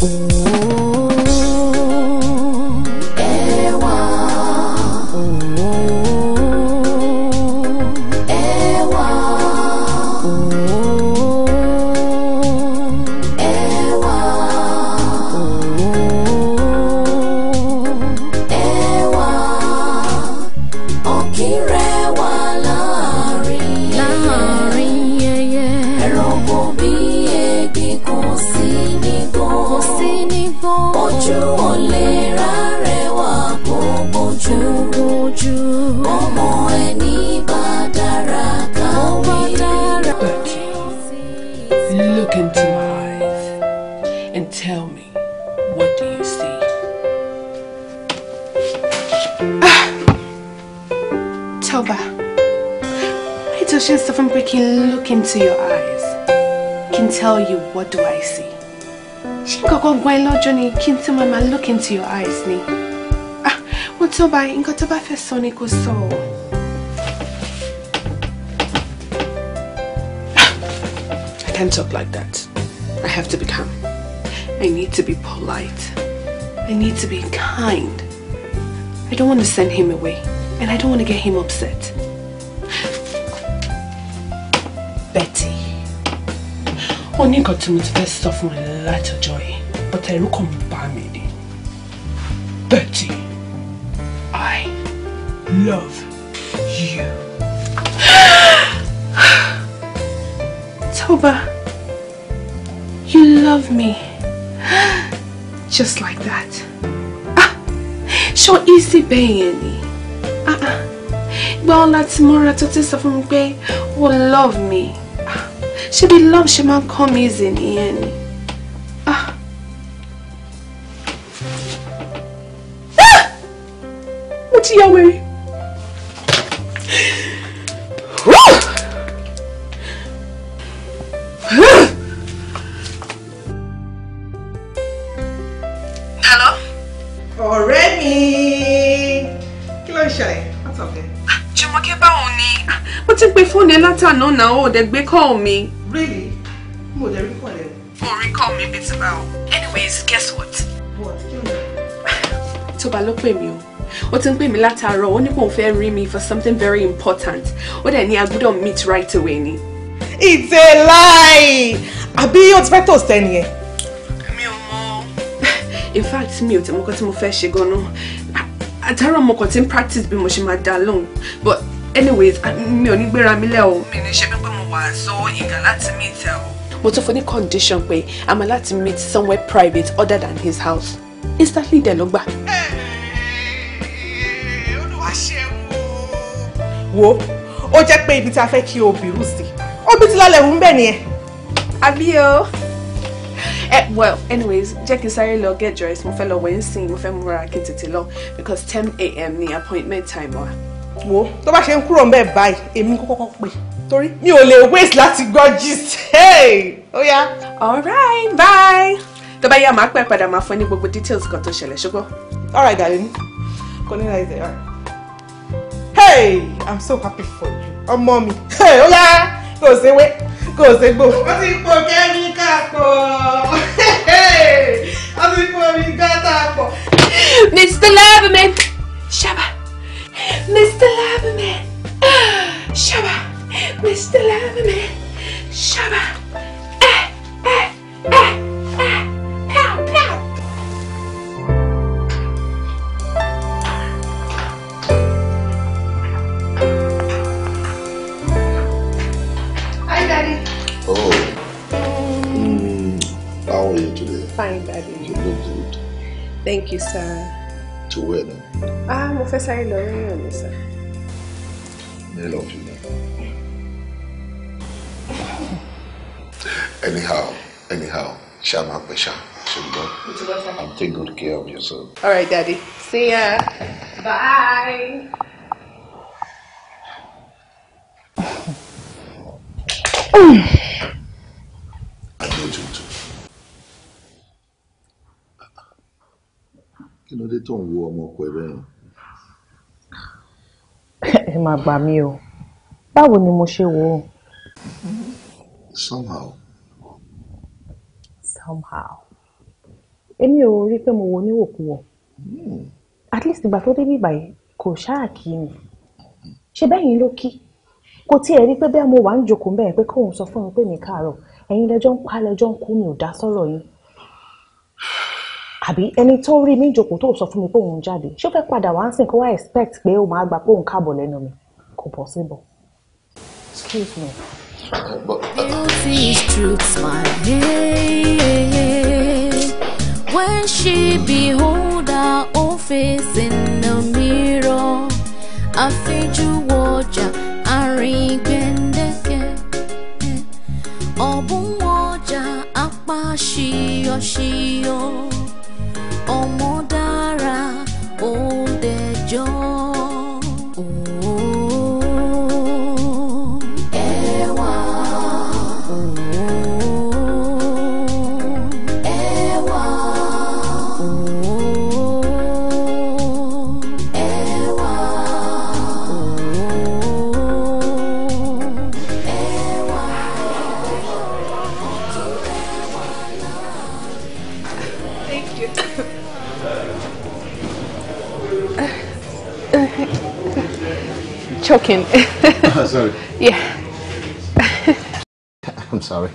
Ooh. Johnny, can't n tí look into your eyes ni what's tí ó bá nǹkan tó bá fẹ́ sọ ni kò sọ ah, I can't talk like that. I have to be calm. I need to be polite. I need to be kind. I don't want to send him away and I don't want to get him upset. Betty, only got to move this stuff with a lot of joy. but I look on mi ni Betty I love you. Toba you love me just like that ah ṣó easy bẹ́ẹ̀ yẹn ni ah ah ìgbà wọn láti múra tó ti sọ fún oh, love me She ah, be love she man come easy nìyẹn náà ó dẹ̀ gbé call me. really mo dẹ̀ rí call ẹ. mo rí call mi bíi anyways guess what. what kí ni. tó bá ló pè mí o ó ti ń pè mí látàárọ̀ ó ní kò mi for something very important ó dẹ̀ ní a gbọ́dọ̀ meet right away ni. it's a lie àbí yóò ti fẹ́ tó sẹ́ni ẹ̀. mi ò mọ. in fact mi ò tẹ̀ mọ́kàn tí mo fẹ́ ṣe gan-an àtàrà mo tí ń practice bi mo ṣe máa dá lóhùn but anyways mi ò ní gbéra mi lẹ́ o mi ní ṣe pé mo wà so ìgà láti meet ẹ o. mo tún fún ní condition pé a máa láti meet somewhere private other than his house instantly dẹ̀ ló gbà. olúwa ṣeun wo ó jẹ́ pé ibi tí a fẹ́ kí o bìrù sí ó bí ti lálẹ́ òun bẹ́ẹ̀ nìyẹn. àbí o eh, well anyways jẹ́ kí n sáré lọ get dressed mo fẹ́ lọ wẹ̀ ń sìn mo fẹ́ múra kí n tètè lọ because ten a.m. ni appointment time wa. Uh wo tó bá ṣe ń kúrò ń bẹ́ẹ̀ báyìí èmi kọ́kọ́ pè torí mi ò lè wait láti gbọ́ gist hey ó yá. alright bye tó bá yá màá pẹ́ padà máa fún ẹ ní gbogbo details kan tó ṣẹlẹ̀ ṣùgbọ́n. alright darling kò ní láì dẹ̀ hey i'm so happy for you ọmọ mi hey ó yá kò ṣe wé kò ṣe gbò. ó ti po kẹ́míkà pọ̀ ó ti po mi gátà pọ̀. mr loverman ṣábà. Mr. Labberman. Shabba. Mr. Labberman. Shabba. Eh, eh, eh, eh. Pow, pow. Hi, Daddy. Oh. Mm. how are you today? Fine, Daddy. You look good. Thank you, sir. To where now? Ah, mo fẹ́ sáré lọ rí yàn ní sá. fi Anyhow, anyhow, ṣá ṣùgbọ́n I'm take good care of yourself. All right, Daddy. See ya. Bye. I know you too. kí ló dé tó ń wo ọmọ ọkọ ẹ bẹ́ẹ̀. ẹ máa gbà mí o báwo ni mo ṣe wò ó. somehow. somehow. èmi ò rí i pé mo wo oníwòkuwọ̀ hmm. at least ìgbà tó débí ìgbà yìí kò ṣáà kí mi ṣe bẹ́yìn ló kí kò tiẹ̀ rí pé bẹ́ẹ̀ mo wà ń jókòó bẹ́ẹ̀ pé kóun sọ fún mi pé mi káàárọ̀ ẹ̀yin lẹ́jọ́ ń pa lẹ́jọ́ ń kú mi ò dá sọ́rọ̀ yín àbí ẹni tó rí mí jòkó tó sọ fún mi pé òun jáde ṣé ó fẹ́ padà wá sí kó wá expect pé ó máa gbà pé òun káàbọ̀ lẹ́nu mi kò possible. excuse me. when she behold her own face in the mirror àfijú wọjà àárín gbẹ̀ndẹ̀kẹ̀ ọ̀bùn wọjà apá ṣíyọ̀ṣíyọ̀. 就。choking. sorry. Yeah. I'm sorry.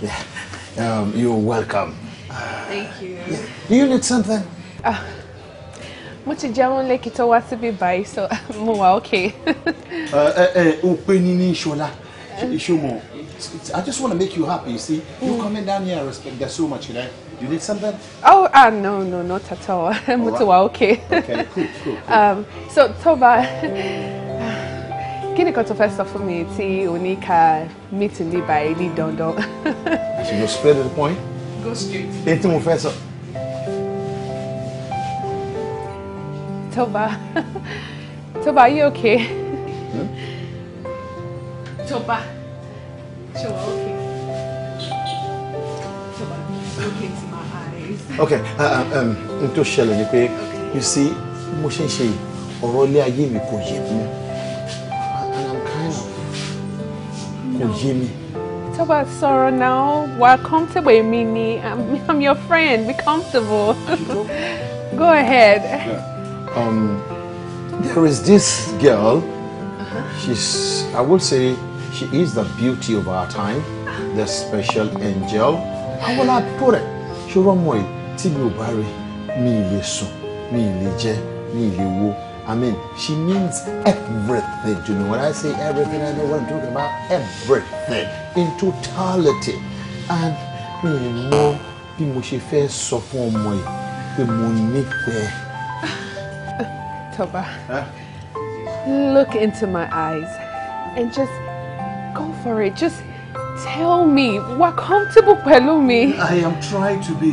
Yeah. Um, you're welcome. Thank you. Yeah. Do you need something? Uh, mo ti jẹun lẹ́kì tó wá síbí báyìí so mo wà okay. ẹ ẹ o pe ni ní Ṣọlá ṣé mo. it's, it's, I just want to make you happy, you see. Mm. You coming down here, I respect that so much, you know. You need something? Oh, uh, no, no, not at all. all right. okay. okay, cool, cool, cool. Um, so, Toba, kini kato first tó fẹ́ sọ fún mi tí o ní ká meeting ní báyìí ní dandan? so you straight to the point? Go straight. Into tí mo fẹ́ Toba, Toba, are you okay? Hmm? Toba. Okay. wà uh, uh, Um. Um. bá ókè n tó ṣẹlẹ̀ ni pé you see mo ṣe ń ṣe ọ̀rọ̀ ilé ayé mi kò yé mi kò yé mi. Talk about sorrow now. We're comfortable, Mini. I'm, I'm your friend. Be comfortable. Go ahead. Yeah. Um, there is this girl. Uh-huh. She's, I would say, She is the beauty of our time, the special angel. How will I put it? She mo yìí tí mi ò bá rí mi ì lè sùn, mi ì lè jẹ, I mean, she means everything You know When I say everything, I know what I'm talking about. Everything in totality. And mi ì mọ bí mo ṣe fẹ́ sọ fún ọmọ yìí pé mo nífẹ̀ẹ́. look into my eyes and just Go for it. Just tell me. Wà comfortable pẹ̀lú mi. I am trying to be.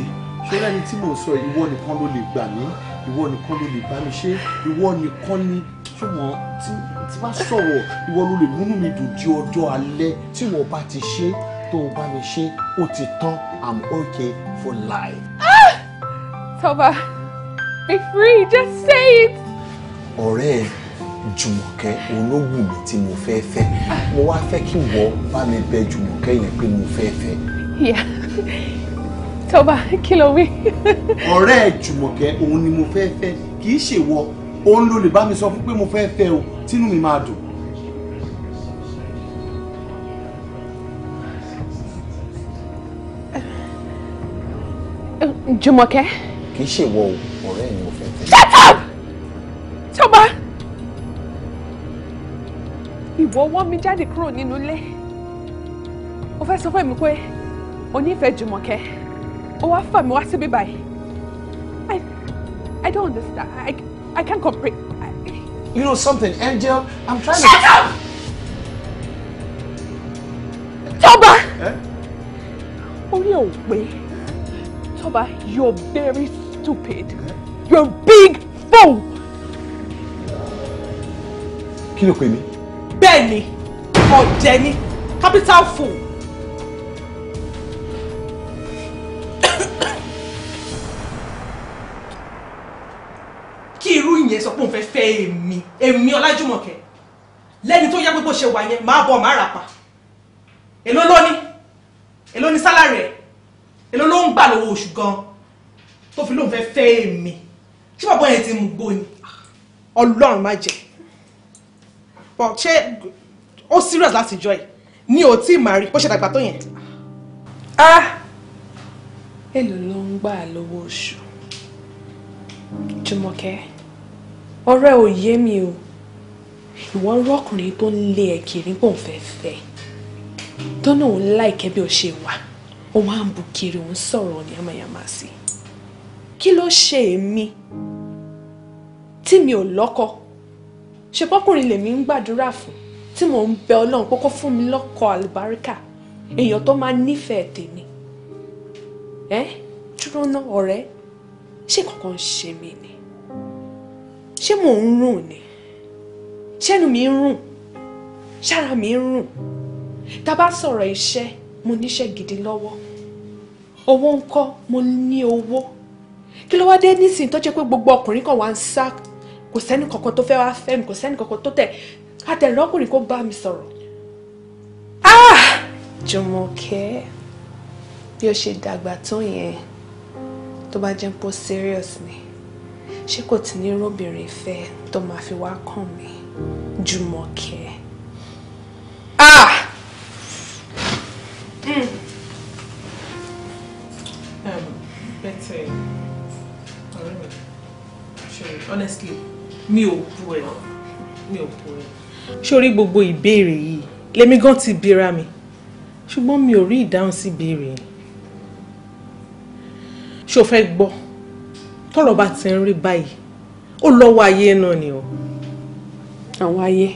Ṣé lẹ́ni tí You want to come? nìkan ló lè gbà mí? Ìwọ nìkan ló lè bá mi ṣe? Ìwọ nìkan ni ṣùgbọ́n tí bá sọ̀rọ̀ ìwọ ló lè múnú mi dùn di ọjọ́ alẹ́ tí wọ́n bá ti ṣe tó o bá mi ṣe ó ti tán I'm okay for life. Ah! Toba, be free, just say it. ọ̀rẹ́ ẹ̀ jùmọ̀kẹ́ ológun mi tí mo fẹ́ fẹ́ mo wá fẹ́ kí wọ́ bá mi bẹ jùmọ̀kẹ́ yẹn pé mo fẹ́ fẹ́. tọ́ba kí ló wí. ọ̀rẹ́ jùmọ̀kẹ́ òun ni mo fẹ́ fẹ́ kì í ṣèwọ òun ló lè bá mi sọ fún pé mo fẹ́ fẹ́ o tínú mi máa dùn. jùmọ̀kẹ́. kì í ṣèwọ o ọ̀rẹ́ ni mo fẹ́ fẹ́. shut up. ìwọ́wọ́ mi jáde kúrò nínú ilé o fẹ́ sọ fún mi pé o nífẹ̀ẹ́ Jùmọ̀kẹ́ o wá fà mí wá síbí báyìí I I don't understand I I can't comprehend. You know something, Angel, I'm trying Shut to. Shut up! Toba! Eh? Orí ò pé eh? Toba, you're very stupid. You're a big fool! Kí ló pè mí? bẹ́ẹ̀ ni ọ̀jẹ̀ ni capital fool. kí irú ìyẹn sọ pé òun fẹ́ fẹ́ èmi èmi ọlájúmọ̀kẹ́ lẹ́ni tó yá gbogbo ṣe wà yẹn máa bọ̀ máa rà pa èló ló ní èló ní sálárì ẹ̀ èló ló ń gbà lówó oṣù gan tó fi lóun fẹ́ fẹ́ èmi ṣé bàbá yẹn ti mú gbó ni ọlọ́run má jẹ́ but ṣé ó serious láti jọ ẹ̀ ní o tí màá rí bó ṣe dàgbà tó yẹn. ah èlò ló ń gbà lọ́wọ́ oṣù Jùmọ̀kẹ́ ọ̀rẹ́ ò yé mi o ìwọ rọkùnrin tó ń lé ẹ kiri bò ń fẹ́ fẹ́ tó náà ń láìkẹ́ bí o ṣe wà ó wá ń bu kiri òun sọ̀rọ̀ ní yamayama sí kí ló ṣe èmi tí mi ò lọ́kọ ṣe pọ́kùnrin lèmi ń gbàdúrà fún tí mò ń bẹ ọlọ́run pé kó fún mi lọ́kọ àlùbáríkà èèyàn tó máa nífẹ̀ẹ́ tèmi ẹ dúró ná ọ̀rẹ́ ṣé kankan ṣe mí ni ṣé mò ń rùn ni ṣẹ́nu mi ń rùn ṣára mi ń rùn tá a bá mo níṣẹ́ gidi lọ́wọ́ owó ńkọ́ mo ní owó kí ló wá dé nísìnyí tó jẹ́ pé gbogbo ọkùnrin kan wá ń sá kò sẹ́ni kankan tó fẹ́ wá fẹ́ mi kò sẹ́ni kankan tó tẹ̀ àtẹ̀lọ́kùnrin kó bá mi sọ̀rọ̀ ah! Jùmọ̀kẹ́ bí o ṣe dàgbà tó yẹn tó bá jẹ́ pé serious ni ṣé kò tí ní róbìnrin fẹ́ tó máa fi wá kàn mí Jùmọ̀kẹ́ ah. Mm. Um, better. Honestly, mi ò bu ẹ̀ mi ò bu ẹ̀. sórí gbogbo ìbéèrè yìí lèmi gan ti bira mi ṣùgbọ́n mi ò rí ìdáhùn sí ìbéèrè yìí. ṣó fẹ́ gbọ́ tọ́rọ̀ bá ti ń rí báyìí ó lọ́wọ́ ayé náà ni o. àwọn ayé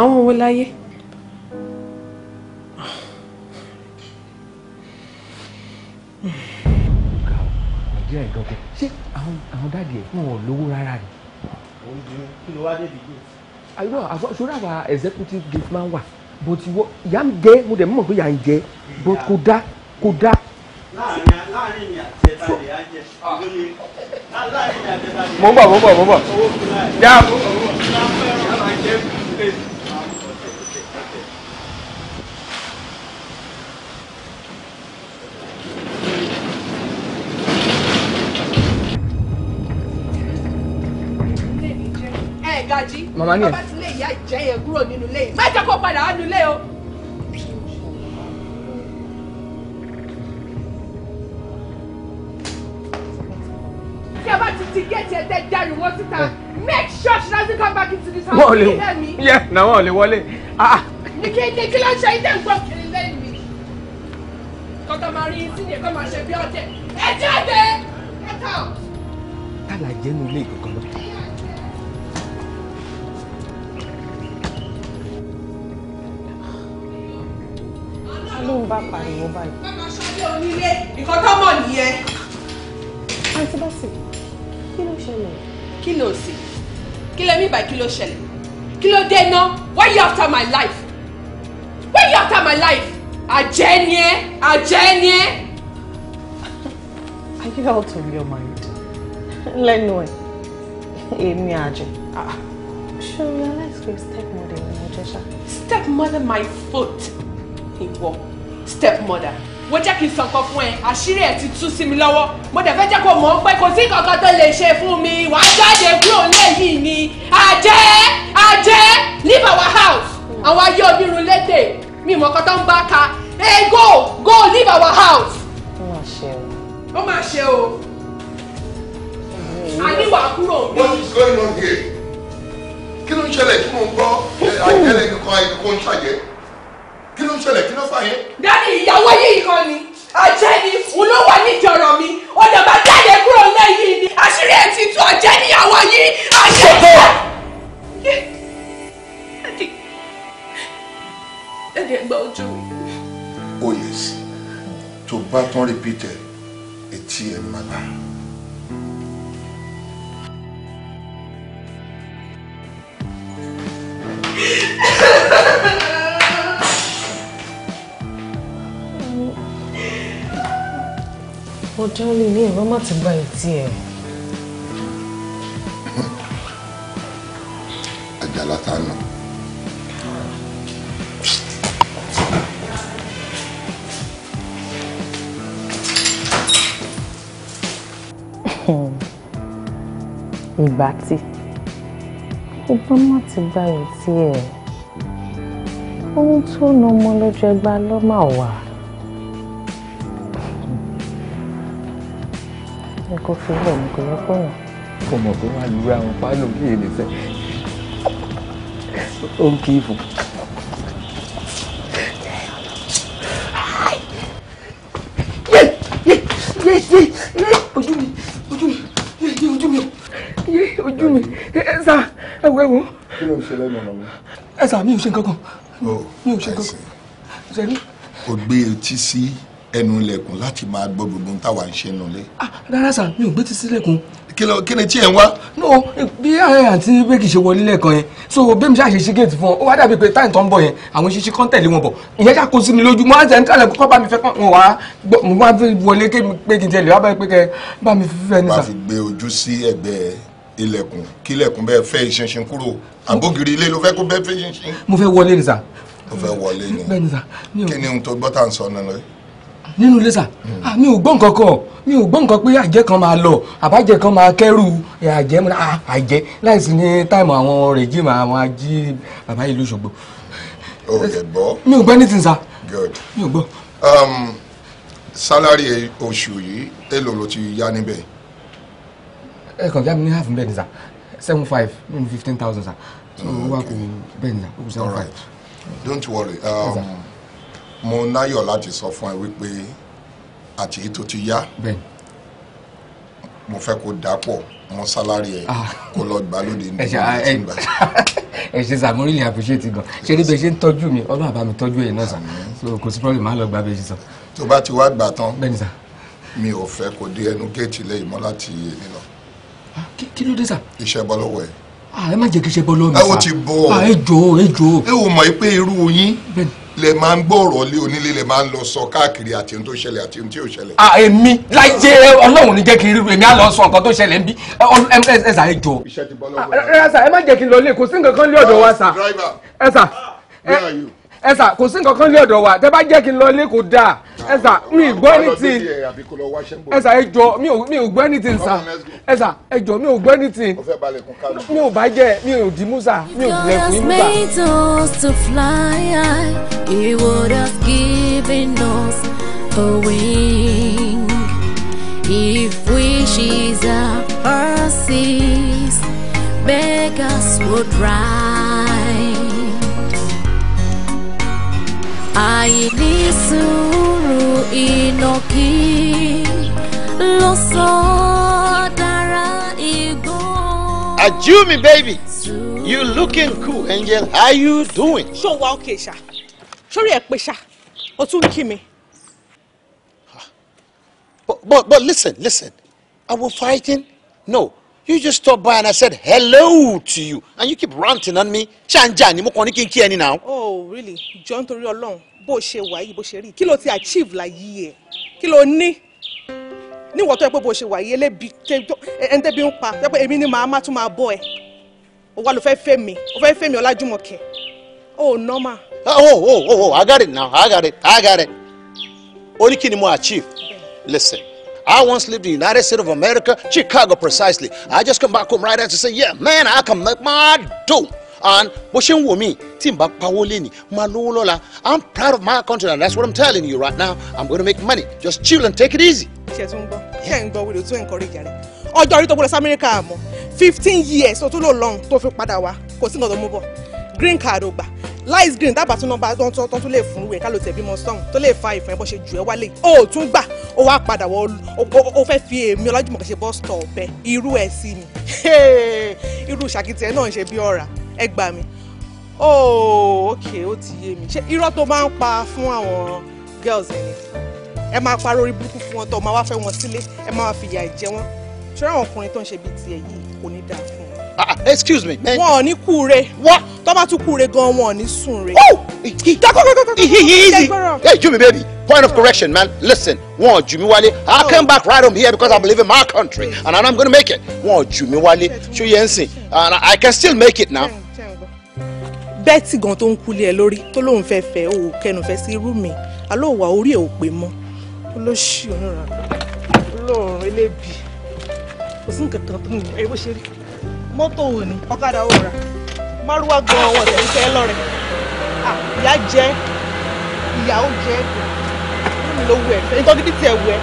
àwọn wo láyé. nàìjíríà yìí gangan ṣé àwọn àwọn dáàdì ẹ̀ fún wọn lówó rárá ni. òun àfọṣọra wa executive gate máa ń wà but ìwọ ìyá ń jẹ mo dẹ̀ mọ̀ pé ìyá ń jẹ but kò dá kò dá. láàrin ìyá àti ẹ̀ta lè á jẹ mo ń bọ̀ mo ń bọ̀ mo ń bọ̀. màmá ni ẹ. bàbá ti lé ìyá ìjẹ́ yẹn kúrò nínú ilé yìí má kó padà wá nílé o. tí ẹ bá ti ti géètì ẹ tẹ jáde wọ síta eh. make sure she doesn't come back into this house. wọ́n lè eh, yẹ na wọ́n lè wọlé. Ah, ah. ní kí ní kí ló ń ṣe ilé ń gbọ́ kiri lẹ́yìn mi. kọ́tà máa rí sí ni ẹ̀kọ́ máa ṣe bí ọ̀tẹ̀ ẹ jáde ẹ tà. tálà jẹ́nu ilé ìkọ̀kan lọ. lóun bá pariwo báyìí. bàbá ṣọlá onílé nǹkan tó mọ̀ nìyẹn. àǹtí bọ́sì kí ló ṣẹlẹ̀. kí ló sì kí lè mí bá kí ló ṣẹlẹ̀ kí ló dé ná why you after my life why you after my life àjẹ́ ni ẹ́ àjẹ́ ni ẹ́. are you out of your mind lẹ́nu ẹ̀ èmi àjẹ́ ah, ṣé o realize pé stepmother ni mo jẹ́ ṣá. stepmother my foot ìwọ. Hey, stepmother wo jẹ́ kí n sọ̀kan fún ẹ àṣírí ẹ̀ ti tú sí mi lọ́wọ́ mo dẹ̀ fẹ́ jẹ́ kó mọ̀ ọ́ pé kò sí kankan tó lè ṣe fún mi wàá jáde kúrò lẹ́yìn ni àjẹ́ àjẹ́ leave our house àwọn ayé onírun lédè mi mọ̀ kọ́ tó ń bá ka ẹ go go leave our house. ó máa ṣe o. ó máa ṣe o. a ní wàá kúrò what is going on here? kí ló ń ṣẹlẹ̀ tí mo ń gbọ́ àjẹ́lẹ̀ kíkan àìkú ń ṣàjẹ́ kí ló ń ṣẹlẹ̀ kí ló fà yẹn. dádì ìyàwó yìí kan ni ọjẹ́ ni òun ló mi ọ̀dọ̀ bá jáde kúrò lẹ́yìn ni àṣírí ẹ̀ ti tú ọjẹ́ níyàwó yìí ọjẹ́ níyàwó. dádì ẹ gba ojú mi. oh yes tó bá tán repeat ẹ etí ẹ máa gbà. darling ní ìwọ́n má ti gba ìtì ẹ̀. àjàlá ta nà. ìgbà tí ìbọn má ti gba ìtì ẹ̀ ohun tó na ọmọ lọ́jọ́ ẹgbàá lọ́mà wà. kó fi lẹ̀ ní kò yẹ kó kò mọ̀ pé wàá lu àwọn pálọ̀ kí èlé sẹ́ ó ń kí ìfò. ojú mi ojú mi ojú mi ojú mi ẹ sá ẹ wọ ẹ wọ. kí ló ń ṣe lẹ́nu ọ̀nà mi. ẹ mi ò ṣe nǹkan kan oh, mi ò ṣe nǹkan kan. o gbé etí sí ẹnu ilẹ̀kùn láti máa gbọ́ gbogbo ohun táwa ń ṣe nù lé. Ah, rárá sà mi ò gbé ti sílẹ̀kùn. kí ni tí ẹ ń wá. no bí àǹtí bẹ́ẹ̀kì ṣe wọlé lẹ́ẹ̀kan yẹn so bẹ́ẹ̀ mi ṣáà ṣe ṣí géètì fún ọ ó wá dàbí pé táyì tó ń bọ̀ yẹn àwọn ṣíṣí kan tẹ̀lé wọn bọ̀ ìyẹn ṣáà kó sí mi lójú mo á tẹ̀lé tẹ̀lé kọ́ bá mi fẹ́ kàn wọ́n wá mo máa fi wọlé pé kí n tẹ̀lé wá pé kẹ bá mi fẹ́ ní sà. wàá fi gbé ojú sí ẹ̀gbẹ́ ilẹ̀kùn kí ilẹ̀kùn bẹ́ẹ̀ fẹ́ ìṣinṣin kúrò àbógiri ilé ló fẹ́ kó bẹ́ẹ̀ fẹ́ ìṣinṣin. mo fẹ́ wọlé ni sà. mo fẹ́ wọlé ni kí ni nínú ilé sà ah, mi ò gbọ́ nǹkan kan mi ò gbọ́ nǹkan pé àjẹ́ kan máa lọ àbájẹ́ kan máa kẹ́rù eh, àjẹ́ ah, àjẹ́ láìsí ní táìmù àwọn rèjìmọ̀ àwọn ají bàbá ìlú Òṣogbo. o lè gbọ́. mi ò gbọ́ ní tìǹsà. good mi ò gbọ́. Um, sálárì oṣù yìí èlò ló ti yá níbẹ̀. ẹ kàn já mi ní half bẹ́ẹ̀ sà seven five nínú fifteen thousand sà. so wà kó bẹ́ẹ̀ sà ó seven five. don't worry. Um, yes, mo náyọ̀ láti sọ fún ẹ wípé àti ètò ti yá mo fẹ́ kó dàpọ̀ mọ́ sálárì ẹ ah. kó lọ gbà lóde ní ìgbà tí ń gbà. ẹ ṣe sàmú rí ni àpèṣẹ́tì gan ṣe ní bẹ́ẹ̀ ṣe ń tọ́jú mi ọlọ́run àbá mi tọ́jú ẹ̀yìn náà sàn kò sí problem má lọ gba bẹ́ẹ̀ ṣe sọ. tó bá ti wá gbà tán mi ò fẹ́ kó dé ẹnu géètì lẹ́yìn mọ́ láti èmi lọ. Ah, kí ló dé sà. iṣẹ́ bọ́ lọ́wọ́ ẹ̀. Ah, ẹ má jẹ́ kí iṣẹ́ bọ́ lọ́wọ́ mi sà. ẹ wo ti bọ̀. ẹ jọ̀ọ́ ẹ jọ̀ọ́. ẹ wò mọ̀ pé irú yín lẹ máa ń gbọ́ ọ̀rọ̀ lé onílé lẹ máa ń lọ sọ káàkiri àti ohun tó ṣẹlẹ̀ àti ohun tí ò ṣẹlẹ̀. à ah, èmi láyé ọlọ́run ní jẹ́ kí n ríru èmi á lọ sọ nǹkan tó ṣẹlẹ̀ ń bí ẹ ẹ jọ. iṣẹ́ ah, ẹ má jẹ́ kí n lọ lé kò sí nǹkan kan lé ọ̀dọ̀ wa sà. ẹ sà. where are you? ẹ sà kò sí nǹkan kan lé ọ̀dọ̀ wa tẹ bá jẹ́ kí n lọ ilé kò dáa ẹ mi ò gbọ́ anything ẹ sà ẹ mi ò gbọ́ anything sà ẹ sà ẹ mi ò gbọ́ anything mi ò bá jẹ mi ò dì mú mi ò dilẹ̀ fún yín If wishes are mercies, beggars would rise. àìní sùúrù ìnàkí ló sọ dára Ajumi baby you looking cool angel how you doing. ṣó wa òkè ṣá sórí ẹ pé ṣá o tún kí mi. but but but listen listen I was fighting no you just stop by and I said hello to you and you keep ranting on me ṣanja ni mo koni ní kí n oh really jọ nítorí Ọlọ́run bó o ṣe wà yìí bó ṣe rí kí ti achieve la ẹ kí ló ni níwọ̀n tó yẹ pé bó o ṣe wà yìí ẹlẹ́bi ẹ̀ńtẹ́bi ń pa yẹ pé èmi ni màá má tún máa bọ́ ẹ o wá ló fẹ́ fẹ́ mi o fẹ́ fẹ́ mi Ọlájúmọ̀kẹ́ o normal. Ah, oh oh oh oh I got it now I got it I got it ó kini mo achieve listen I once lived in the United States of America, Chicago precisely. I just come back home right after say, yeah, man, I can make my dough. And what ṣe ń wò mí tí n bá pawó I'm proud of my country and that's what I'm telling you right now I'm gonna make money just chill and take it easy. ṣe tún gbọ́ ṣe ń gbọ́ wíìlì tó ọjọ́ orí tó gbọ́dọ̀ sí Amẹ́ríkà àmọ́ fifteen years tó tún lò lọ́hùn tó fi padà wá kò sí nǹkan tó mú bọ̀ green card ó gbà light green dábàá tó náà bá tó tó tó lè fún wẹ̀ ká ló tẹ̀ bímọ sọ́hún tó lè fa ìfọ̀n ẹ̀ bọ́ ṣe jù ẹ́ wálé o ò tún gbà o wá padà wọ o fẹ́ fi èmi Ọlájùmọ̀kẹ́ ṣe bọ́ sítọ̀ ọ̀bẹ irú ẹ̀ sí ni irú ṣàkìtì ẹ̀ náà ṣe bí ọ̀rà ẹ gbà mí o ok ó ti yé mi ṣé irọ́ tó máa ń pa fún àwọn girls ẹ̀ ni ẹ máa parọ́ orí burúkú fún wọn tó máa wá fẹ́ wọn sílé ẹ máa fìyà ìjẹ wọn ṣọ́ra excuse me. wọn ò ní kú re. wọ́n. tó bá tún kú re gan wọn ò ní sùn re. Oh! easy hey jumi baby point of correction man listen wọn ò jù mí i oh. came back right home here because i believe in my country hmm. and i'm gonna make it wọn ò jù mí wálé ṣó yẹn sìn and i can still make it now. bẹ́ẹ̀tì gan tó ń kulẹ̀ ẹ lórí tó lóun fẹ́ fẹ́ o kẹnu fẹ́ sí irú mi alóòwà orí ẹ̀ ò pé mọ́ olóṣì òun rà olóòrùn kò sí nǹkan kan tó ń ẹ bó ṣe rí mọ́tò wò ni ọ̀kadà wò rà márùwá gan ọwọ́ tẹ̀ ń fẹ́ lọ́rẹ̀ ìyá jẹ ìyàwó jẹ ẹ̀kọ́ mi ló wù ẹ̀ fẹ́ nítorí tiẹ̀ wù ẹ̀.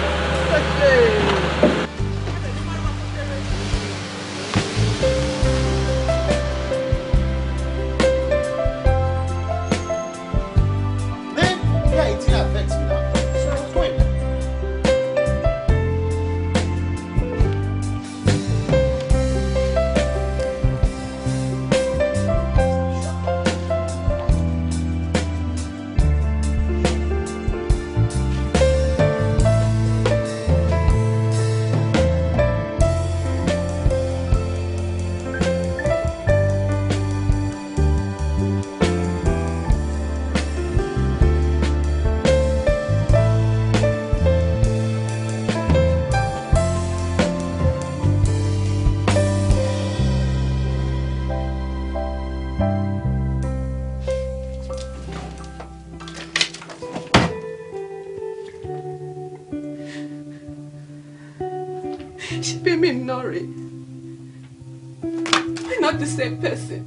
same person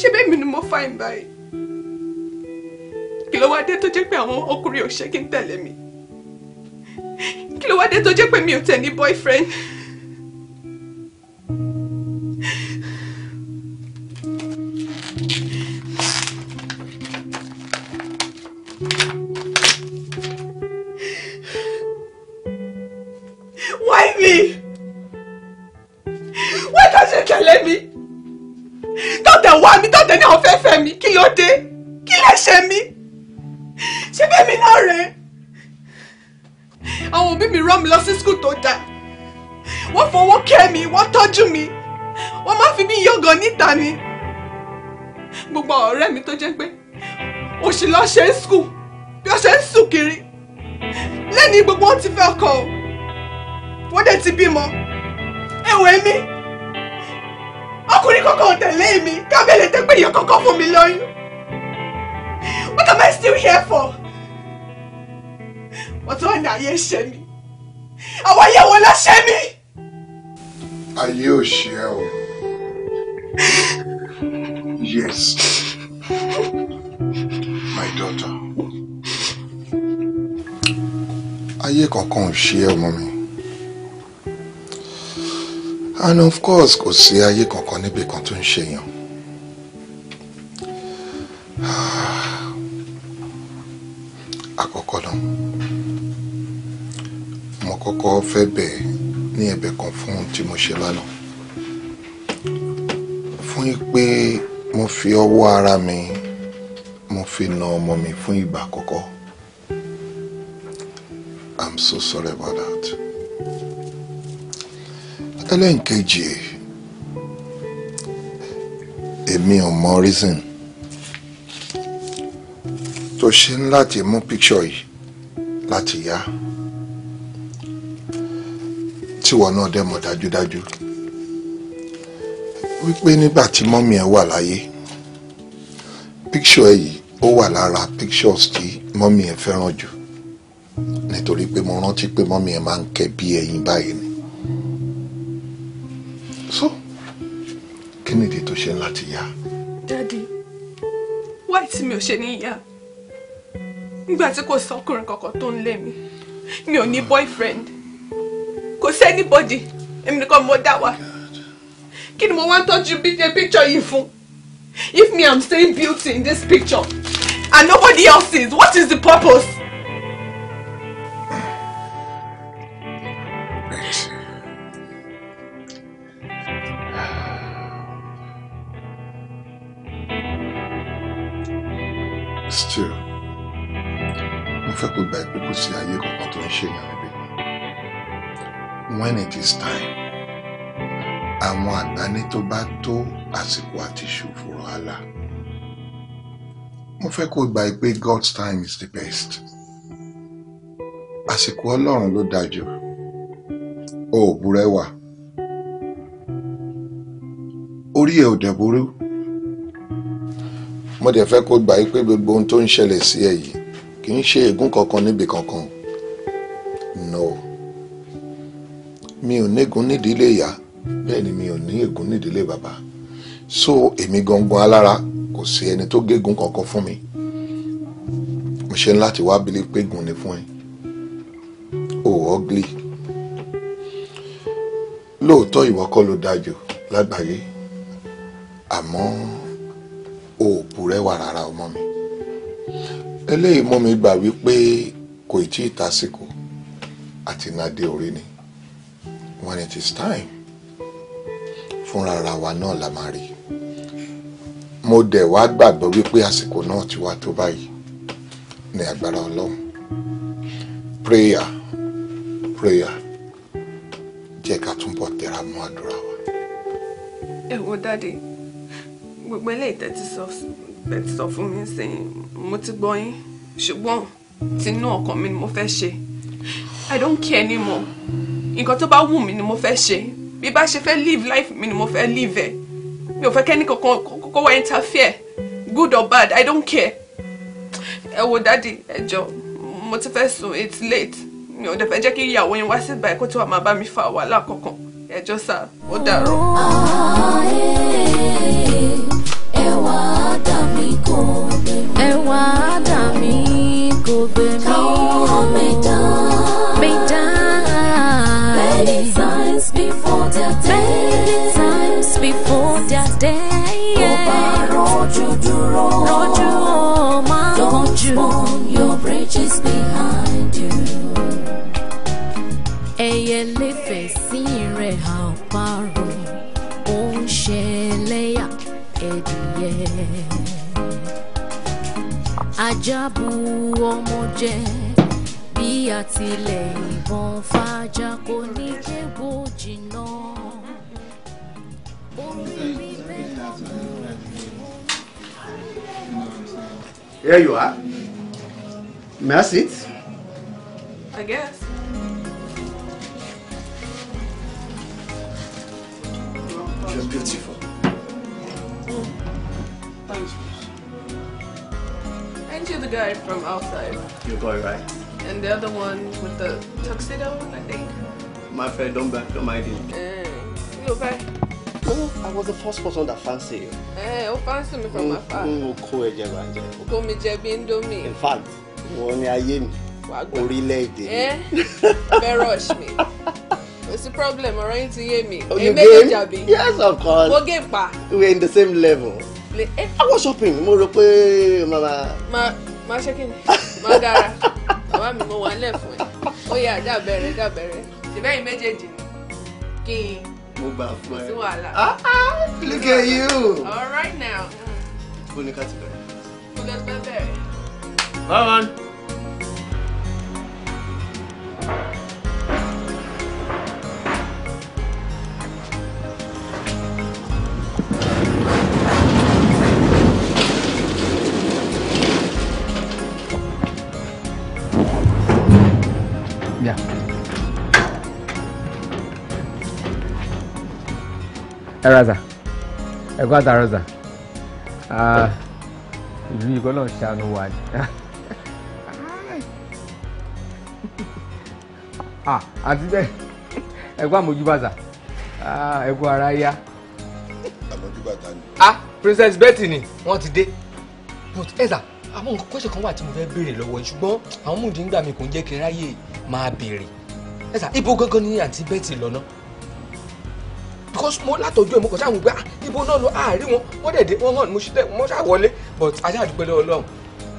ṣé bẹ́ẹ̀ mi ni mo fáìn báyìí kí ló wá dé tó jẹ́ pé àwọn ọkùnrin ò ṣe kí n tẹ̀lé mi kí ló wá dé tó jẹ́ pé mi ò tẹ̀ ní boyfriend. ò ṣe ọmọ mi and of course kò sí ayé kankan níbi kan tó ń ṣèyàn ah, àkọ́kọ́ náà mo kọ́kọ́ fẹ́ bẹ̀ ní ẹ̀bẹ̀ kan fún tí mo ṣe lánàá fún yí pé mo fi ọwọ́ ara mi mo fi na ọmọ mi fún ìgbà àkọ́kọ́ so sorry about that. ẹlẹ́nkejì èmi ò mọ reason tó ṣe ń láti mú picture yìí láti yá tíwọ náà dẹ̀ mọ̀ dájúdájú wípé nígbà tí mọ́mí ẹ wà láyé picture ẹ yìí ó wà lára pictures tí mọ́mí ẹ fẹ́ràn jù nítorí pé mo rántí pé mọ́mí ẹ máa ń kẹ́ bí ẹyin báyìí ni. so kí nìdí tó ṣe láti yá. dadi wáì tí mi ò ṣe ní yá nígbà tí kò sọkùnrin kankan tó ń lé mi mi ò ní boyfriend kò sí anybody èmi nìkan mo dá wa kí ni mo wá ń tọ́jú bí ṣe picture yìí fún if me i'm staying beauty in this picture and nobody else is what is the purpose. tó àsìkò àti ṣòfò wàhálà mo fẹ́ kó gbà pé God's time is the best àsìkò Ọlọ́run ló dáa jù o ò burẹ́wà orí ẹ̀ ò dẹ̀ burú mo dẹ̀ fẹ́ kó gbà pé gbogbo ohun tó ń ṣẹlẹ̀ sí ẹ yìí kì í ṣe ègún kankan níbi kankan no mi ò nígun nídìílé ìyá bẹ́ẹ̀ mi ò ní ègún nídìílé bàbá so èmi gangan alára kò sí ẹni tó gégún kankan fún mi mo ṣe ń láti wá believe pé ni fún ẹ o ugly lóòótọ́ ìwọ kọ́ ló dáa jù lágbàáyé àmọ́ o ò bùrẹ́wà rárá ọmọ mi eléyìí mú mi gbà wípé kò tí ì tásìkò àti orí ni when it is time fúnra ara wa náà la máa rí mo dẹ̀ wá gbàgbọ́ wípé àsìkò náà ti wá tó báyìí ní agbára ọlọ́run prayer prayer jẹ́ ká túnbọ̀ tẹra mọ́ àdúrà wa. ẹ wo dáàdi gbogbo eléyìí tẹ́tí sọ tẹ́tí sọ fún mi sẹ́yìn mo ti gbọ́ yín ṣùgbọ́n tinú ọkàn mi ni mo fẹ́ ṣe i don't care anymore nǹkan tó bá wù mí ni mo fẹ́ ṣe bí bá ṣe fẹ́ live life mi ni mo fẹ́ live ẹ̀ mi ò fẹ́ kẹ́ni kankan kókó wa interfere good or bad i don't care ẹ wo dádì ẹ jọ mo ti fẹ́ sùn it's late mi ò dẹ̀ fẹ́ jẹ́ kí ìyàwó yín wá sí ìgbà ẹ̀ kó tí wàá máa bá mi fa wàhálà kankan ẹ jọ sá ó dàárọ̀. Oh, jábù ọmọ jẹ bí àtìlẹ̀ ìbọn fàájà kò ní kébo jìnnà. Here you are. Merci. from outside. Your boy, right? And the other one with the tuxedo, I think. My friend, don't back, don't mind him. Hey, eh, you okay? Oh, I was the first person that fancy you. Hey, eh, who oh, fancy me from mm, afar. Mm, oh, okay, eh, Jeba, Jeba. Kó mi jẹ bí Indomie. In fact, wọ́n are ayé mi. Orílẹ̀-èdè mi. Eh? Fẹ́ rush mi. It's a problem, ọ̀rọ̀ yín to hear me. Oh, you game? Jabi. Yes, of course. Wo game pa? We're in the same level. Le I was shopping, mo rò pé mama má ṣe kí ni má dára bàbá mi mo wà ń lẹ̀ fún ẹ ó yà dábẹ̀rẹ̀ dábẹ̀rẹ̀ ṣèbẹ́yìn méjèèjì ni kí n kò sí wàhálà. Ah, ah, look at you. all right now. bó ni ká bẹ̀rẹ̀. mo lè fẹ́ bẹ̀rẹ̀. báwo ni. Ya. Ẹ raza, ẹ kọ́ àtàrà raza, ìlú yìí kọ́ náà ṣàánú wa ni. Àti bẹ́ẹ̀, ẹ kọ́ àmójúbàtà, ah, ẹ kọ́ ara yá. Àmójúbàtà ni. Ah, Princess Betty ni wọ́n ti dé. But Ezra, àwọn nǹkan kọ́ṣẹ̀ kan wà tí mo fẹ́ béèrè lọ́wọ́ yìí ṣùgbọ́n àwọn múndínlá mi kò ń jẹ́ kí n ráyè máa béèrè ẹ sà ibo gangan ni àǹtí Betty lọ náà because mo látọjú ẹ mo kàn sáà mo gbé ibo náà lọ àárín wọn wọn dẹ̀ dé wọn hàn mo ṣe tẹ mo ṣáà wọlé but ajá àdúgbò lọ́wọ́ lọ́hùn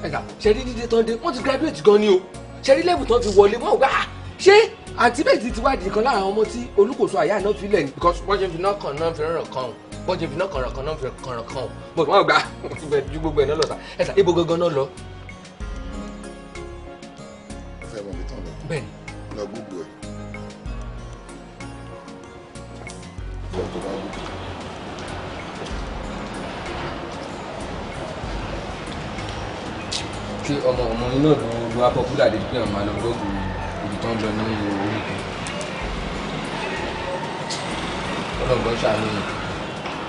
ẹ sà ṣẹ́rí dídé tán dé wọ́n ti graduate gan ni o ṣẹ́rí level tán ti wọlé wọ́n gbà ah, ṣé àǹtí Betty ti wádìí kan lára àwọn ọmọ tí olùkóso àyà náà fi lẹ̀ because wọ́n ṣe fi náà kàn náà fi rán kàn bọ́n ṣe fi ah, náà kàn ràn kàn náà fi ràn kàn ràn kàn bọ́n wọ́n gbà ju bẹ́ẹ̀ lọ gbogbo ẹ̀ lọ tó bá gbogbo. kí ọmọ ọmọ inú ọ̀dọ́ olú apọ́púlà dé pé ọmọ alọ́ gbogbo ibi tó ń lọ ní orí kan ọlọ́gbọ́n ṣàánú yìí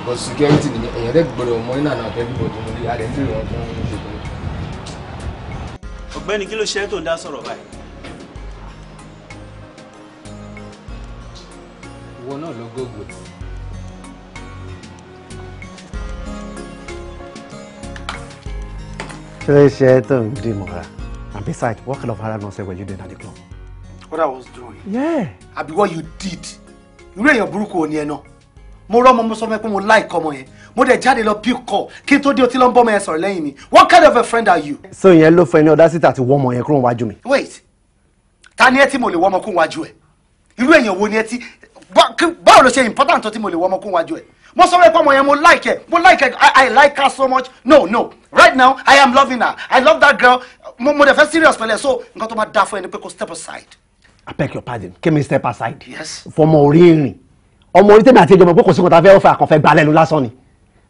but security ni èèyàn dẹ́ gbọ́dọ̀ mọ iná náà tẹ́lifù bọ̀dọ̀ lórí adẹ́ńtì ìwọ̀n tó ń ṣe tó. ọ̀gbẹ́ni kí ló ṣe é tó dá sọ̀rọ̀ báyìí. kan náà ló gógó. ṣé ló ṣe é tó ń dì mọ́ra and besides what kind of hard nonsense were you doing at the club. what i was doing. yeah. abi what you did irú èèyàn burúkú ò ní ẹ náà mo rọ́ ọmọ mo sọ fún ẹ pé mo láìka ọmọ yẹn mo dẹ̀ jáde lọ bí kọ kí n tó dé o ti lọ ń bọ́ ọmọ yẹn sọ̀rọ̀ lẹ́yìn mi what kind of a friend are you. so ìyẹn ló fẹ́ ní ọ̀dá síta àti wọ́n ọmọ yẹn kúrò wájú mi. wait ta ni ẹ tí mo lè wọ́ ọmọ kó wájú ẹ irú èèyàn wo ni ẹ tí báwo ló ṣe important tó tí mo lè wọ ọmọkùnrin wájú ẹ mo sọ wípé ọmọ yẹn mo like ẹ mo like ẹ I, i like her so much no no right now i am loving her i love that girl mo mo dẹ fẹ serious pẹlẹ so nǹkan tó máa dá fún ẹ ni pé kó step aside. i beg your pardon Can we step aside. yes. For orí ìrìn ọmọ orí tèmi àti ẹjọ mọ pé kò sí nǹkan tá a fẹ́ ọ̀fẹ́ àkànfẹ́ gbalẹ̀ ló lásán ni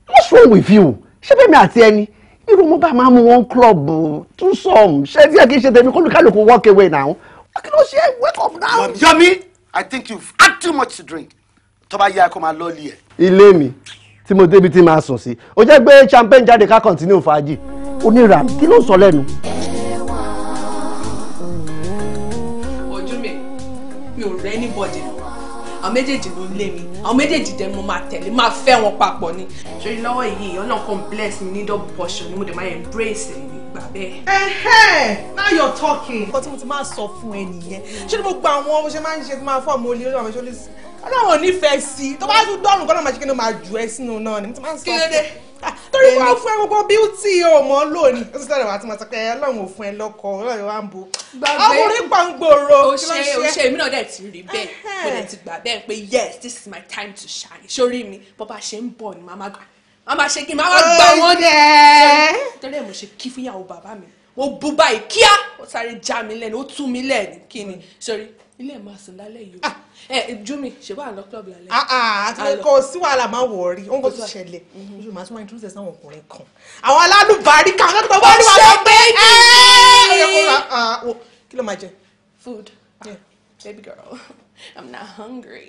what's wrong with you ṣé bẹ́ẹ̀ mi àti ẹni irú mo bá máa mú wọn club two some ṣé díẹ̀ kí n ṣe tèmi kó walk away now kí ló ṣe wake up now. Yomi i think you too much to drink tó bá yẹ kó máa lọ́ọ̀lì ẹ̀. ilé mi tí mo débi tí màá sùn sí ó jẹ́ gbé champagne jáde ká continue fàájì onírà kí ló ń sọ lẹ́nu. ojú mi mi ò rẹ́ ní bọ́dẹ̀ àwọn méjèèjì ló lé mi àwọn méjèèjì dẹ̀ mo máa tẹ̀lé máa fẹ́ wọn papọ̀ ni. ṣé lọ́wọ́ yìí ọlọ́kan bless mi ní double portion ni mo dẹ̀ máa embrace ẹ̀ gbà bẹ́ẹ̀. ẹhẹ́ now you're talking. ọkọ tí mo ti máa sọ fún ẹ nìyẹn ṣé ni mo gba àwọn ọmọ ṣe máa ń ṣe tí máa fọ ọmọ olè lọ́wọ́ àwọn ṣọlẹ̀ sí ọlọ́run nífẹ̀ẹ́ sí tó bá tún dọ́rùn kọ́nà máa ṣe kí ni máa jù ẹ sínú náà ni mo ti máa ń sọ fún ẹ ah, torí wọn fún ẹ gbogbo bíútì ọmọ lónìí ó sì sọ̀rọ̀ wá tí mo sọ pé ọlọ́run ò fún ẹ lọ́kọ ọlọ́run wa ń bo ọkùnrin pàǹgbòrò my time to shine sórí mi bó bá a máa ṣe kí n máa wá gbà wọ́n dẹ̀. torí ẹ̀ mo ṣe kí fúnyàwó bàbá mi mo bu báyìí kíá ó sáré já mi lẹ́nu ó tú mi lẹ́nu kí ni sori ilé ẹ̀ máa sùn lálẹ́ yìí o ah! ẹ jumi ṣe wà lọ club lálẹ́. Ah, ah, àti kò sí wàhálà máa wọ̀ rí ohun kò ti ṣẹlẹ̀ oṣù mhm. màá tún máa introduce sáwọn ọkùnrin kan àwọn alálùbárí kan kí ló bá wàhálà pé ẹ́ẹ́ kí ló máa jẹ. food baby girl i'm not hungry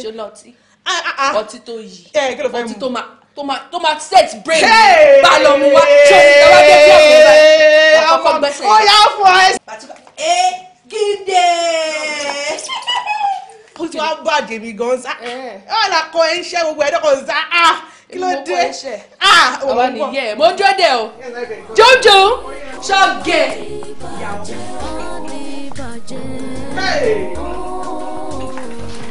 ṣe lọ tí. Ah, ah, ah. ọtí tó yí eh, ọtí tó máa tó máa tó máa set brain bá lọ mú wa tó ìjọba tó fi ọkùnrin báyìí àkọ́kọ́ gbẹ́sẹ̀. ó yá fún ẹ. ẹ gídé. ó ti wá bá jèmi gan sá eh. ó là kọ ẹ ń ṣe gbogbo ẹ̀dọ́ kan sá kí ló dé àwa nìyẹn mo jó dé o jójó ṣọ́ọ̀gẹ̀. Hey!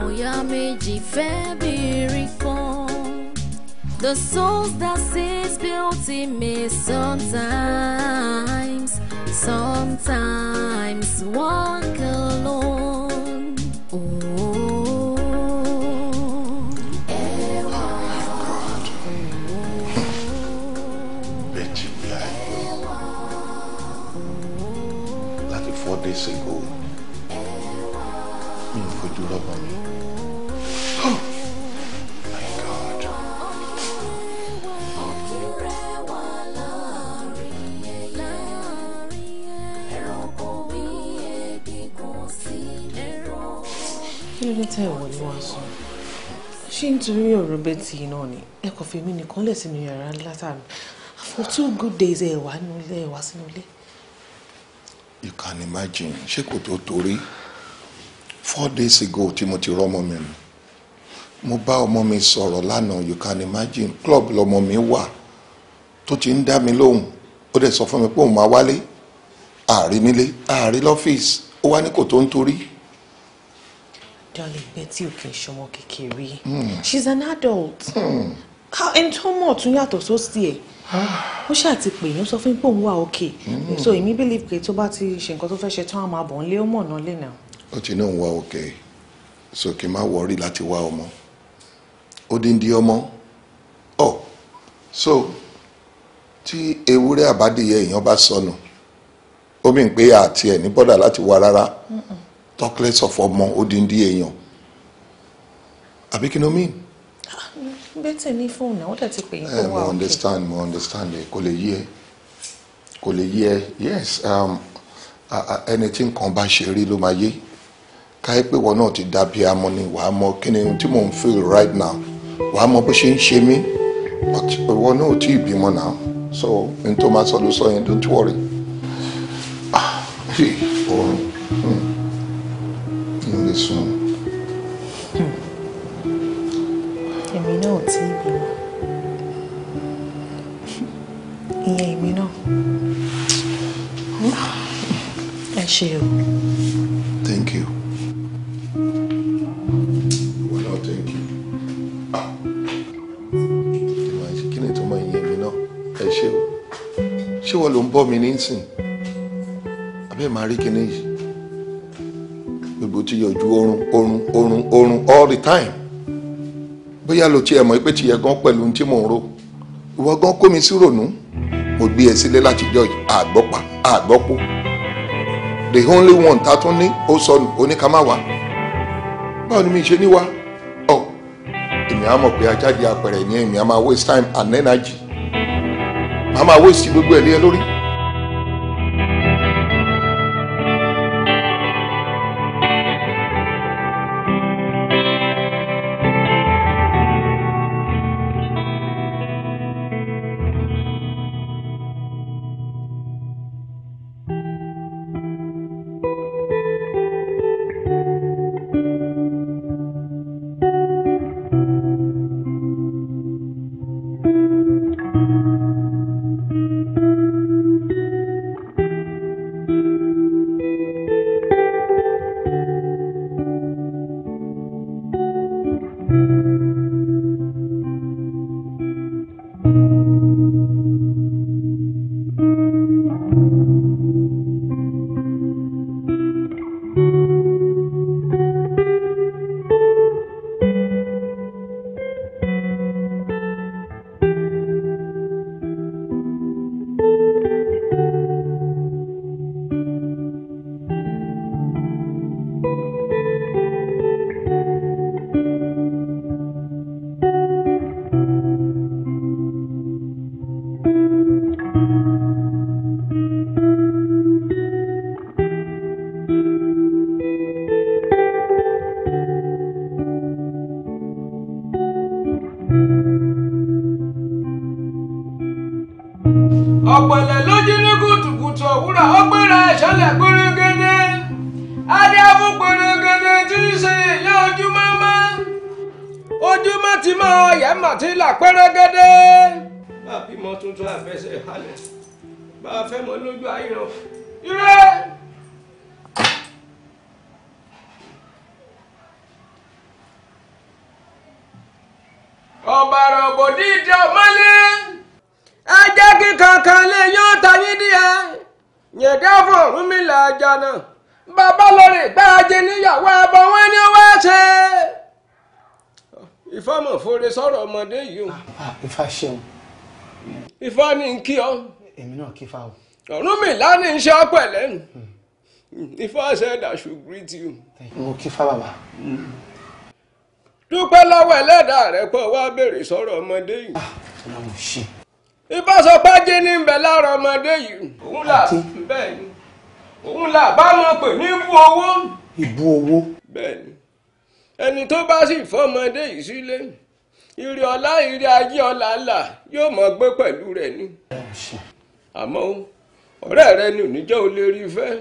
bóyá méjì The souls that sees beauty me sometimes, sometimes walk alone. Oh. lẹ́tà ìwọ ni wọ́n sọ ṣé nítorí ọ̀rọ̀ bẹ́tì náà ni ẹ kò fi mí nìkan lẹ̀ sínú yàrá látàrí for two good days ẹ nínú ilé ẹ sínú ilé. you can imagine ṣé kò tó torí four days ago tí mo ti rọ́mọ mi nù mo bá ọmọ mi sọ̀rọ̀ lánàá you can imagine club lọmọ mi wà tó ti ń dá mi lóhùn ó dẹ̀ sọ fún mi pé òun máa wálé ààrí nílé ààrí lọ́fíìsì ó wá ní kò tó ń torí Darling, Betty ò kì í ṣọmọ kékeré. Hmm. She's an adult. Hmm. Ẹni tó mọ̀ tún yàtọ̀ sósì ẹ̀. Ah. Ó ṣáà ti pè é, ó sọ fún mi pé òun wà òkè. Hmm. So èmi believe pé tó bá ti ṣe nǹkan tó fẹ́ ṣe tán, a máa bọ̀ ń lé ó mọ̀ náà lè nà. Ó ti ní òun wà òkè, so kì í má wọrí láti wá ọmọ. Ó dín dín ọmọ. Ọ̀ oh, so tí ewúrẹ́ àbádìyẹ èèyàn bá sọnù, ó mì pé àti ẹ̀ ní bọ́dà láti wá rárá. Mm -mm talkless of ọmọ odindi èèyàn àbí kí ló mean. Ah, bẹ́tẹ̀ ní fóònù náà wọ́n dẹ̀ ti kó eh, wá òkè. mo understand mo understand kò lè yé ẹ kò lè yé ẹ yes um, ẹni tí nǹkan bá ṣe rí ló máa yé káyé pé wọn náà ti dàbí amọ̀ ni wàá mọ kí ni tí mò ń feel right now wàá mọ bó ṣe ń ṣe mí but wọn náà tí ì bímọ náà so n tó máa sọ ló sọ yẹn don't worry. Ah, oorun. Oh, hmm sùn. èmi náà ò tí ì bímọ ìyẹn èmi náà ẹ ṣe o. thank you. Ah! ṣé wọ́n ló ń bọ́ mi nísìn abẹ́ máa rí kinní yìí ti yọjú oorun oorun oorun oorun all the time bóyá lo tiẹ̀ mọ̀ pé tiẹ̀ gan pẹ̀lú ohun tí mò ń rò ìwọ gan kó mi sí rònú mo gbé ẹ e sílé láti jọ àgbọ́pa àgbọ́pọ̀ the only one ta tún ní ó sọnù oníkàmáwa báwo ni mi ṣe níwá ọ èmi á pé ajáde apẹ̀rẹ̀ ni èmi á waste time and energy màá máa waste gbogbo ẹ̀ lé ẹ lórí. ọ̀bàrà òbòdì ìdí ọ̀mọ́lé. ẹ jẹ́ kí kankan lè yán tayín díẹ yẹ̀dá fún ajá náà. bàbá lórí gbáàjì níyàwó ẹbọ wọn ni wọ́n ṣe. Ifá mọ̀ fòrè sọ̀rọ̀ ọmọdé yìí o. ni n ọ. èmi náà kí ní í ṣe ọpẹlẹ Ifá ṣẹ̀dá dúpẹ́ lọ́wọ́ ẹlẹ́dàá rẹ pé wá béèrè sọ̀rọ̀ ọmọdé yìí. Ah, ọlọ́run ṣe. ìbásọpá jẹ́ ní ń bẹ lára ọmọdé yìí òun là bẹ́ẹ̀ ni òun là bá wọn pè ní ibú owó. ibú owó. bẹ́ẹ̀ ni ẹni tó bá sì fọmọdé yìí sílé ire ọlá ire ayé ọlá ńlá yóò mọ gbé pẹ̀lú rẹ ni. àmọ́ ọ̀rẹ́ rẹ ni oníjẹ́ ò lè rí fẹ́.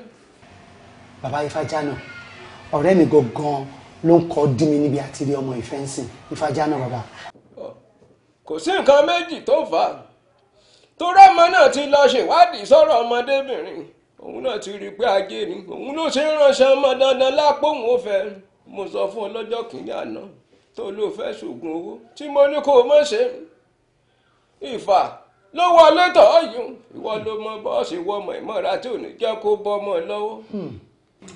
bàbá ifá jánà ọ̀rẹ́ mi gangan ló ń kọ́ dí mi níbi àti rí ọmọ ìfẹ́ǹsìn ìfajá náà bàbá. kò sí nǹkan méjì tó fà á torí ọmọ náà ti lọ ṣèwádìí sọ̀rọ̀ ọmọdébìnrin òun náà ti rí i pé ajé ni òun ló ṣe ń ránṣẹ́ ọmọ dandan lápò òun ó fẹ́ mo sọ fún ọ lọ́jọ́ kìíní àná tó ló fẹ́ ṣoògùn owó tí mo ní kó o mọ̀ ṣe ìfà ló wọlé tọ̀ ọ̀yùn ìwọ ló mọ bọ́ọ̀sì wọ ọmọ ìmọ̀ra tí ò ní jẹ́ kó bọ́ ọmọ lọ́wọ́. Hmm.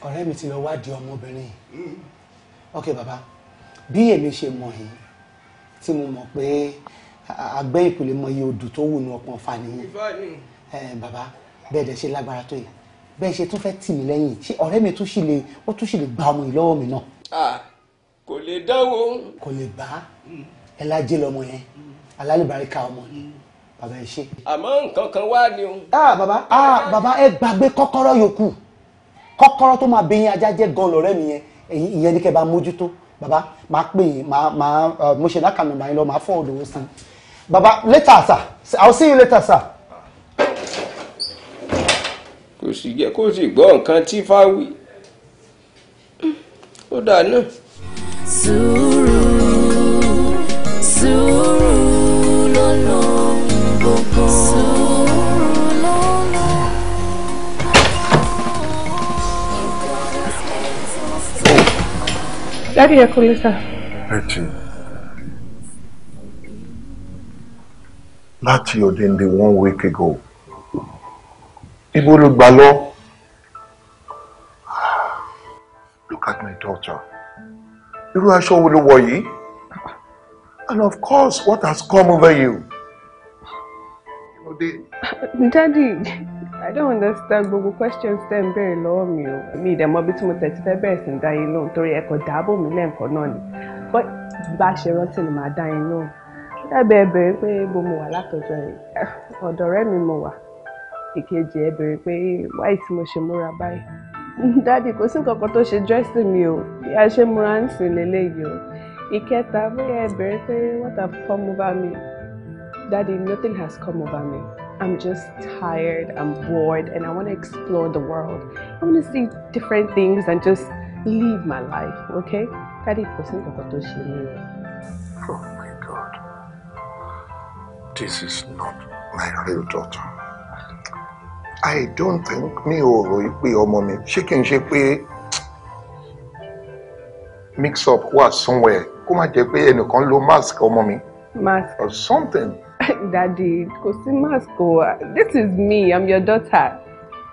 ọ̀rẹ́ mi ti lọ wádìí ọmọbìnrin yìí hmm ok Baba. bí èmi ṣe mọ̀ yìí tí mo mọ̀ pé àgbẹ̀ ìpìlẹ̀ mọ iye odò tó wù ní ọpọ́n fani bàbá bẹ́ẹ̀ dẹ̀ ṣe lágbára tó yìí bẹ́ẹ̀ ṣe tún fẹ́ tì mí lẹ́yìn ṣé ọ̀rẹ́ mi tún ṣì lè ó tún ṣì lè gba ọmọ yìí lọ́wọ́ mi náà. kò lè dánwò. kò lè bá hmm. ẹ lájẹ lọmọ yẹn hmm. alálùbáríkà ọmọ ni hmm. bàbá ẹ ṣe. àmọ́ nǹkan kan wá ni o. ah Baba. ah bàbá ẹ gbàgbé kọ́kọ́rọ́ yòókù kọ́kọ́rọ́ tó máa bẹ̀yìn ajá jẹ́ gan lọ́rẹ́ mi yẹn ìyẹn ní kẹ́ bá mójútó bàbá máa pè é máa máa mo ṣe dákà nọ́mbà lọ máa fọ òdòwò sí i later sir i will see you later sir. kò sì jẹ́ kó sì gbọ́ nǹkan tí fáwí ó dà náà. sùúrù sùúrù ló lóun Daddy ẹ kò lè sà. Betty, láti òdìndín one week ago, ibo ló gbà lọ? Look at my daughter. Irú aṣọ wo ló wọ̀ And of course, what has come over you? Daddy. I don't understand gbogbo questions tẹ́ ń béèrè lọ́wọ́ mi o mi ìdẹ̀mọ́ bí tí mo tẹ̀ ti fẹ́ bẹ̀rẹ̀ sí ń dá yín lóhùn torí ẹ̀kọ́ dáàbò mi lẹ́ǹkan náà ni but bá a ṣe rántí ni màá dá yín lóhùn ẹbẹ ẹ béèrè pé bo mo wà látọjọ́ yìí ọ̀dọ̀ ọ̀rẹ́ mi mo wà ìkejì ẹ béèrè pé wáyé tí mo ṣe múra báyìí dáàdì kò sí nǹkan kan tó ṣe dírẹ́sì mi o bí a ṣe múra ń sìn lélẹ́yìí o ìkẹta bóyá ẹ béèrè pé what have come over me dáàdì nothing has come over me. I'm just tired, I'm bored, and I want to explore the world. I want to see different things and just live my life, okay? 30% of what she knew. Oh my God. This is not my real daughter. I don't think me or rò pé ọmọ mi ṣé kí n ṣe mix up what somewhere kó má jẹ́ pé ẹnìkan lo mask or mommy? Mask. Or something. Daddy, Kosimasko, this is me. I'm your daughter.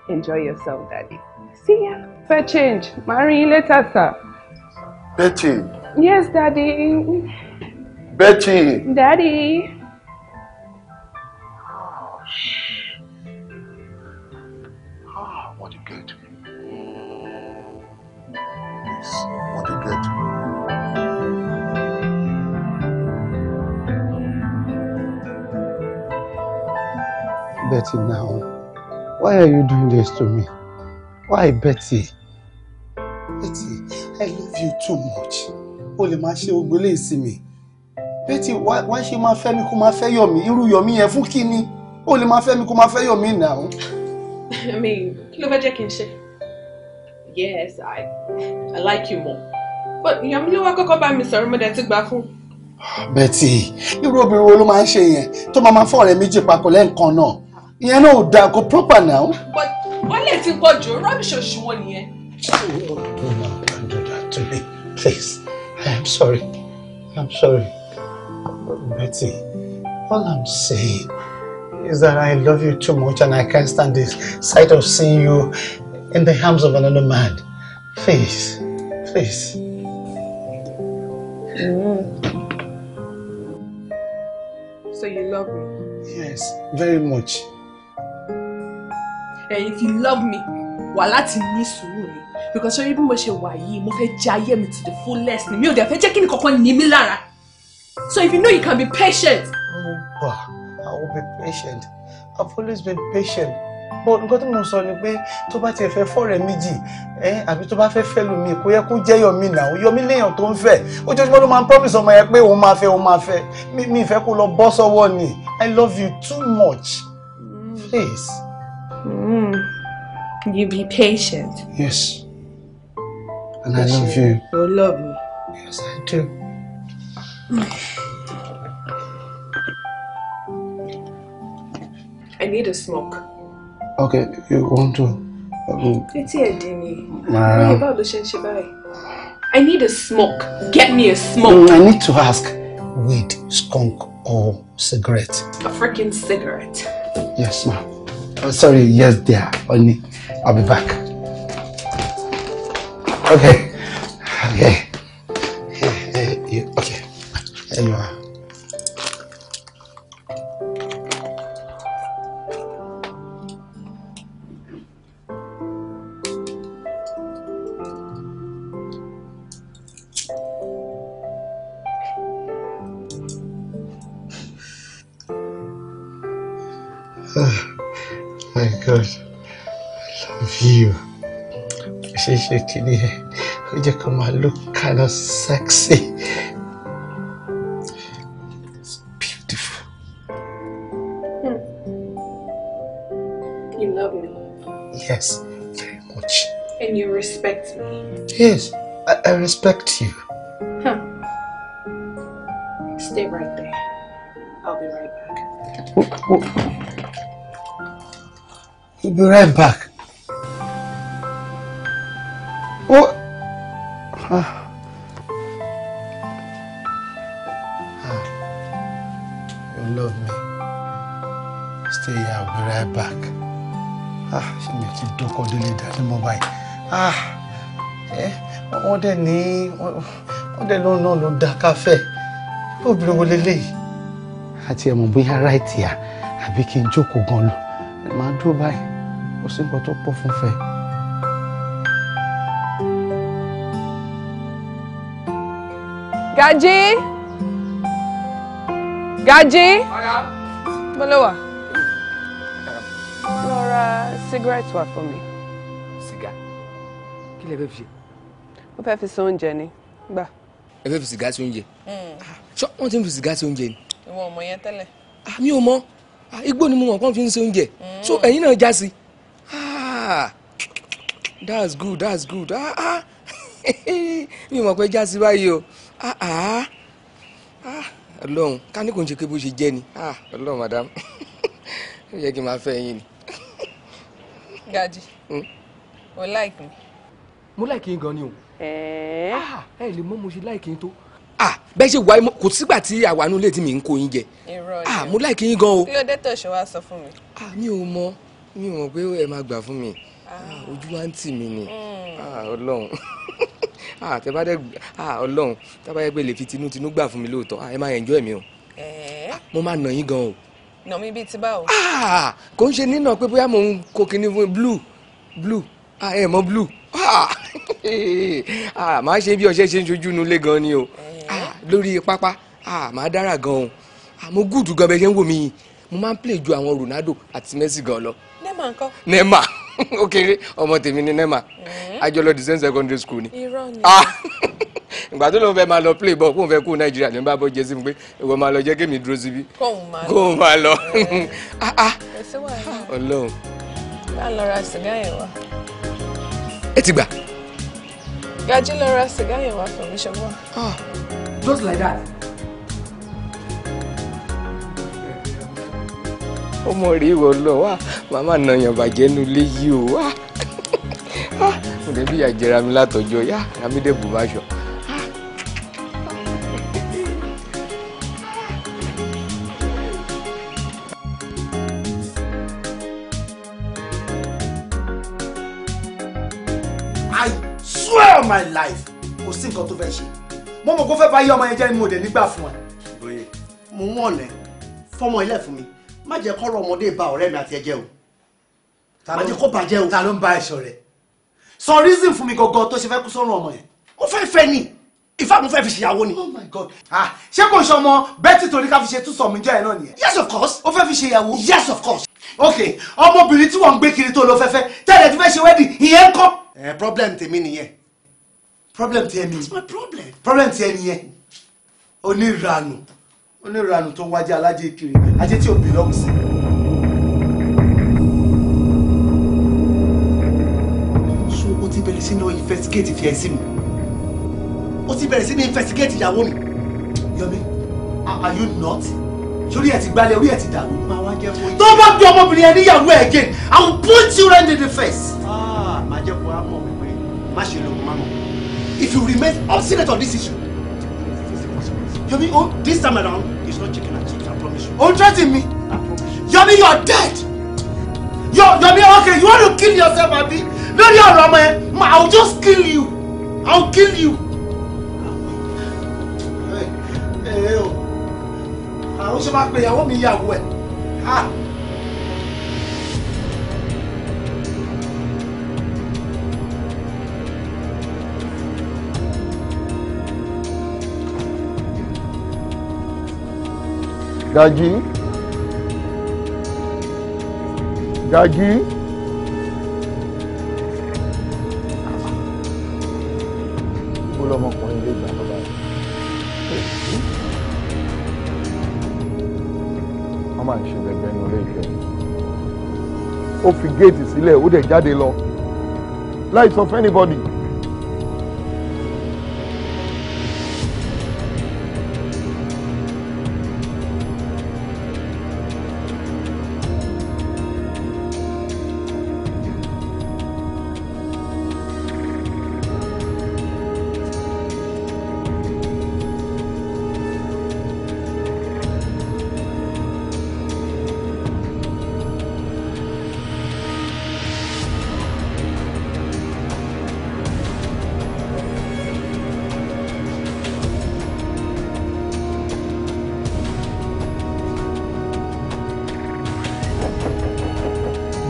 Enjoy yourself, Daddy. See ya. Fair change. Marry later, sir. Betty. Yes, Daddy. Betty. Daddy. shh. Ah, what a good. Mm. Yes, what a good. Betty now. Why are you doing this to me? Why, Betty? Betty, I love you too much. O lè máa ṣe ogbélé ìsìn mi. Betty, Why? ṣe máa fẹ́ mi kó máa fẹ́ yọ̀ mí? Irú yọ̀ mí yẹn fún kí ni? O lè mi kó máa fẹ́ yọ̀ mí now. I mean, kí ló fẹ́ jẹ́ Yes, I, I like you more. But ìyá mi ló wá kọ́kọ́ bá mi sọ̀rọ̀ mo dẹ̀ ti gbà fún. Betty, irú obìnrin wo ló máa ń ṣe yẹn tó máa máa fọ́ ọ̀rẹ́ méjì papọ̀ lẹ́ǹkan náà? ìyẹn náà ò da nǹkan proper now. but wọ́n lè ti pọ̀ jù rọ́bìṣì òṣùwọ̀n nìyẹn. do not do that to me please i am sorry i am sorry betty all i'm saying is that i love you too much and i can't stand the sight of seeing you in the arms of another man please please. Mm. So you love me? Yes, very much if you love me wà láti ní sùúrù ni because ṣé bí mo ṣe wà yìí mo fẹ́ jẹ ayé mi to the fullest ni mi ò dẹ̀ fẹ́ jẹ́ kí nìkankan ní mi lára so if you know you can be patient. mo oh, gbà I will be patient I've always been patient but nǹkan tí mo sọ ni pé tó bá tiẹ̀ fẹ́ fọ́ rẹ̀ méjì àbí tó bá fẹ́ fẹ́ lu mi kò yẹ kó jẹ́ yọ̀mí nà ó yọ̀mí léèyàn tó ń fẹ́ ojoojúmọ́ ló máa ń promise ọmọ yẹn pé òun máa fẹ́ òun máa fẹ́ mi ìfẹ́ kó lọ bọ́ sọ́wọ́ ni I love you too much mm. please. Mm. You be patient. Yes. And patient. I love you. You love me. Yes, I do. I need a smoke. Okay, you want to? It's here, Dini. I need a smoke. Get me a smoke. Mm, I need to ask weed, skunk, or cigarette. A freaking cigarette. Yes, ma'am. Oh, sorry, yes, dear. Only, I'll be back. Okay. sexy. It's beautiful. Hmm. You love me. Yes, very much. And you respect me. Yes, I, I respect you. Huh. Stay right there. I'll be right back. We'll, we will be right back. What? Uh. be right back. Ah, ṣé mi ò ti dọ́kọ́ délé dání mọ́ báyìí? Ah, ẹ wọ́n dẹ̀ ní wọ́n dẹ̀ No, no, no. da káfẹ́. Obìnrin wo leléyìí? Àti ẹ̀mọ̀ bóyá ráìtì à here kí n jókòó gan lọ. Màá dúró báyìí, kò sí sing about pọ̀ fún fair. Gaji? Gaji? Bọ́lá wà cigarette wà fún mi. sìgá kí lẹ fẹ́ fi ṣe. mo fẹ́ fi ṣe oúnjẹ ni gbà. ẹ Jenny. fi So ṣe oúnjẹ. ṣọ wọn ti ń fi sìgá ṣe oúnjẹ ni. ìwọ ò mọ yẹn tẹ́lẹ̀. Ah, mi ò mọ ah, igbó ni mo mọ̀ kán fi ń ṣe oúnjẹ mm. so ẹ̀yin náà já sí ah, that's good that's good mi ò mọ̀ pé já sí báyìí o ọlọ́run ká ní kò ń ṣe pé bó ṣe jẹ́ ni ọlọ́run madam ó yẹ kí n máa fẹ́ yín ni gaji hmm. o like mi. mo like yín gan ni o. ẹ eh? ah, ẹ lè mọ mo ṣe like yín tó. Ah, bẹ́ẹ̀ ṣe wà kò sígbà tí àwa inú ilé tí mi ń kó yín jẹ. Ah, mo like yín gan o. kí ló dé tó ṣe wá sọ fún mi. mi ò mọ mi ò mọ pé ẹ máa gbà fún mi ojú wa ń tì mí ni hmm. ọlọ́run tẹ́bàdẹ́ ọlọ́run tábàyẹ́gbẹ́ lè fi tinútinú gbà fún mi lóòótọ́ ẹ máa enjoy mi o eh? mo máa nà yín gan o nà mí bíi ti báwo. Ah, kò ń ṣe nínà pé bóyá mò ń kó kinní fún blue blue ah, ẹ mọ blue ah, ah ṣe bí ọṣẹ ṣe ń ṣojú inú ilé gan ni o lórí pápá màá dára gan o mo gùdù gan bẹ ṣe ń wò mí mo máa ń play ju àwọn Ronaldo àti Messi gan lọ. nema nǹkan. nema ó kéré ọmọ tèmi ní nema àjọlọ the same secondary school ni ah! ìgbà tó lóun fẹ́ máa lọ play ball kóun fẹ́ kú nàìjíríà ló ń bá bọ́ jẹ́ sí mi pé ìwọ máa lọ jẹ́ kémi dúró síbí kóun máa lọ eh. ah, ah. ọlọ́run. bá a lọ ra sìgá yẹn wá. ẹ ti gbà. gají lọ ra sìgá yẹn wá fún mi ṣọwọ́. just like that. ọmọ rè wọ lọ wá màmá nàyàn bàjẹ́ nu lé yìí o wá mo lè bí àjẹrà mi látọjọ́ yá ramídé bùbáṣọ. I swear on my life kò sí nǹkan tó fẹ́ ṣe mo mọ̀ kó fẹ́ bá yé ọmọ yẹn jẹ́ ni mo dẹ̀ nígbà fún ẹ. mo ń wọ̀n ẹ fọmọ ilé fún mi má jẹ́ kọ́rọ̀ ọmọdé ba ọ̀rẹ́ mi àti ẹ̀jẹ̀ o má jẹ́ kó bàjẹ́ o. ta ló ń bá ẹ̀ṣọ́ rẹ̀. sọ reason fún mi gangan tó ṣe fẹ́ kú sọ́run ọmọ yẹn ó fẹ́ fẹ́ ni ìfá mo fẹ́ fi ṣèyàwó ni. oh my god ah ṣé kò ṣe ọmọ bẹ́tì torí ká fi ṣe tú sọ̀mù jẹ́ ẹ̀ náà nìyẹn. yes of course. ó fẹ́ fi ṣèyàwó. yes of course. ok ọmọbìnrin tí wọ́n ń gbé kiri tó lọ fẹ́fẹ́ tẹ́lẹ̀ tí fẹ́ ṣe wẹ́dì ìyẹn ń kọ́. ẹ problem tèmi nìyẹn problem tèmi. problem. tèmi yẹn oníranù onírànù tó wájú alájẹ kiri ajé tí ò bìlọ́ọ̀mù sí. so o ti bẹ̀rẹ̀ sí ní investigate fi ẹ̀ sí mi o ti bẹ̀rẹ̀ sí ní investigate ìyàwó mi Yomi are you not sórí ẹ̀ ti gbalẹ̀ orí ẹ̀ ti dàrú. máa wá jẹ́ fún yín. tó bá bí ọmọbìnrin yẹn níyàwó ẹ̀ again I will punch you right in the face. Ah, máa jẹ́ kó a mọ̀ wípé má ṣe lóògùn má if you remain obstinate on this issue Yomi, oh, this time around, it's not chicken and chips, I promise you. Don't oh, threaten me. I promise you. Yomi, you're dead. Yo, Yomi, okay, you want to kill yourself, Abi? Lórí ọ̀rọ̀ ọmọ ẹ, I'll just kill you. I'll kill you. Hey, hey, oh. Ẹ ẹ o, àwọn ṣe I want me here, ìyàwó ẹ̀. Gaji Gaji kó lọmọkùnrin lè gbà lọ́ba yìí wọ́n máa ń ṣe bẹ̀bẹ̀ nínú ilé ìfẹ́ ó fi géètì sílẹ̀ ó dẹ̀ jáde lọ láì sọ fún anybody.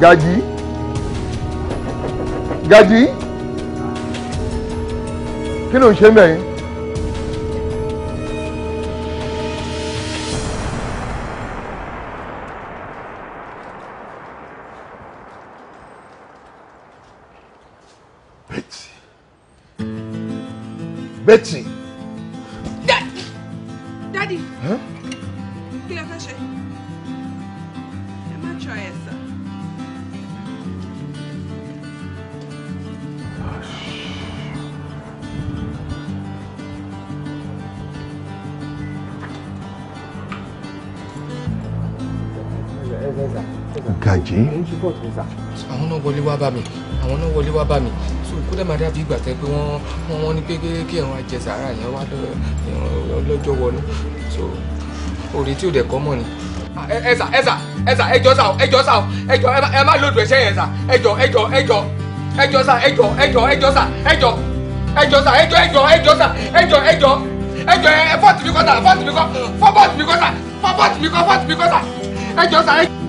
Gaji Gaji kí ló ń ṣe mẹ́yìn. kékeré kí ẹ̀wọ̀n àjẹsára yẹn wá lọ́jọ́ wọnú so òrè tí ò dẹ̀ kọ́ mọ̀ ni. ẹ sà ẹ sà ẹ sà ẹjọ sà ẹjọ sà ẹjọ ẹ má lòdù ẹ̀ṣẹ̀ yẹn sà ẹjọ ẹjọ ẹjọ ẹjọ sà ẹjọ ẹjọ ẹjọ sà ẹjọ ẹjọ sà ẹjọ ẹjọ ẹjọ sà ẹjọ ẹjọ ẹjọ ẹ fọ́ọ̀tì mi kọ́ sà fọ́ọ̀tì mi kọ́ fọ́ọ̀tì mi kọ́ sà fọ́ọ̀tì mi kọ́ fọ́ọ̀tì mi kọ́ sà ẹjọ sà ẹjọ.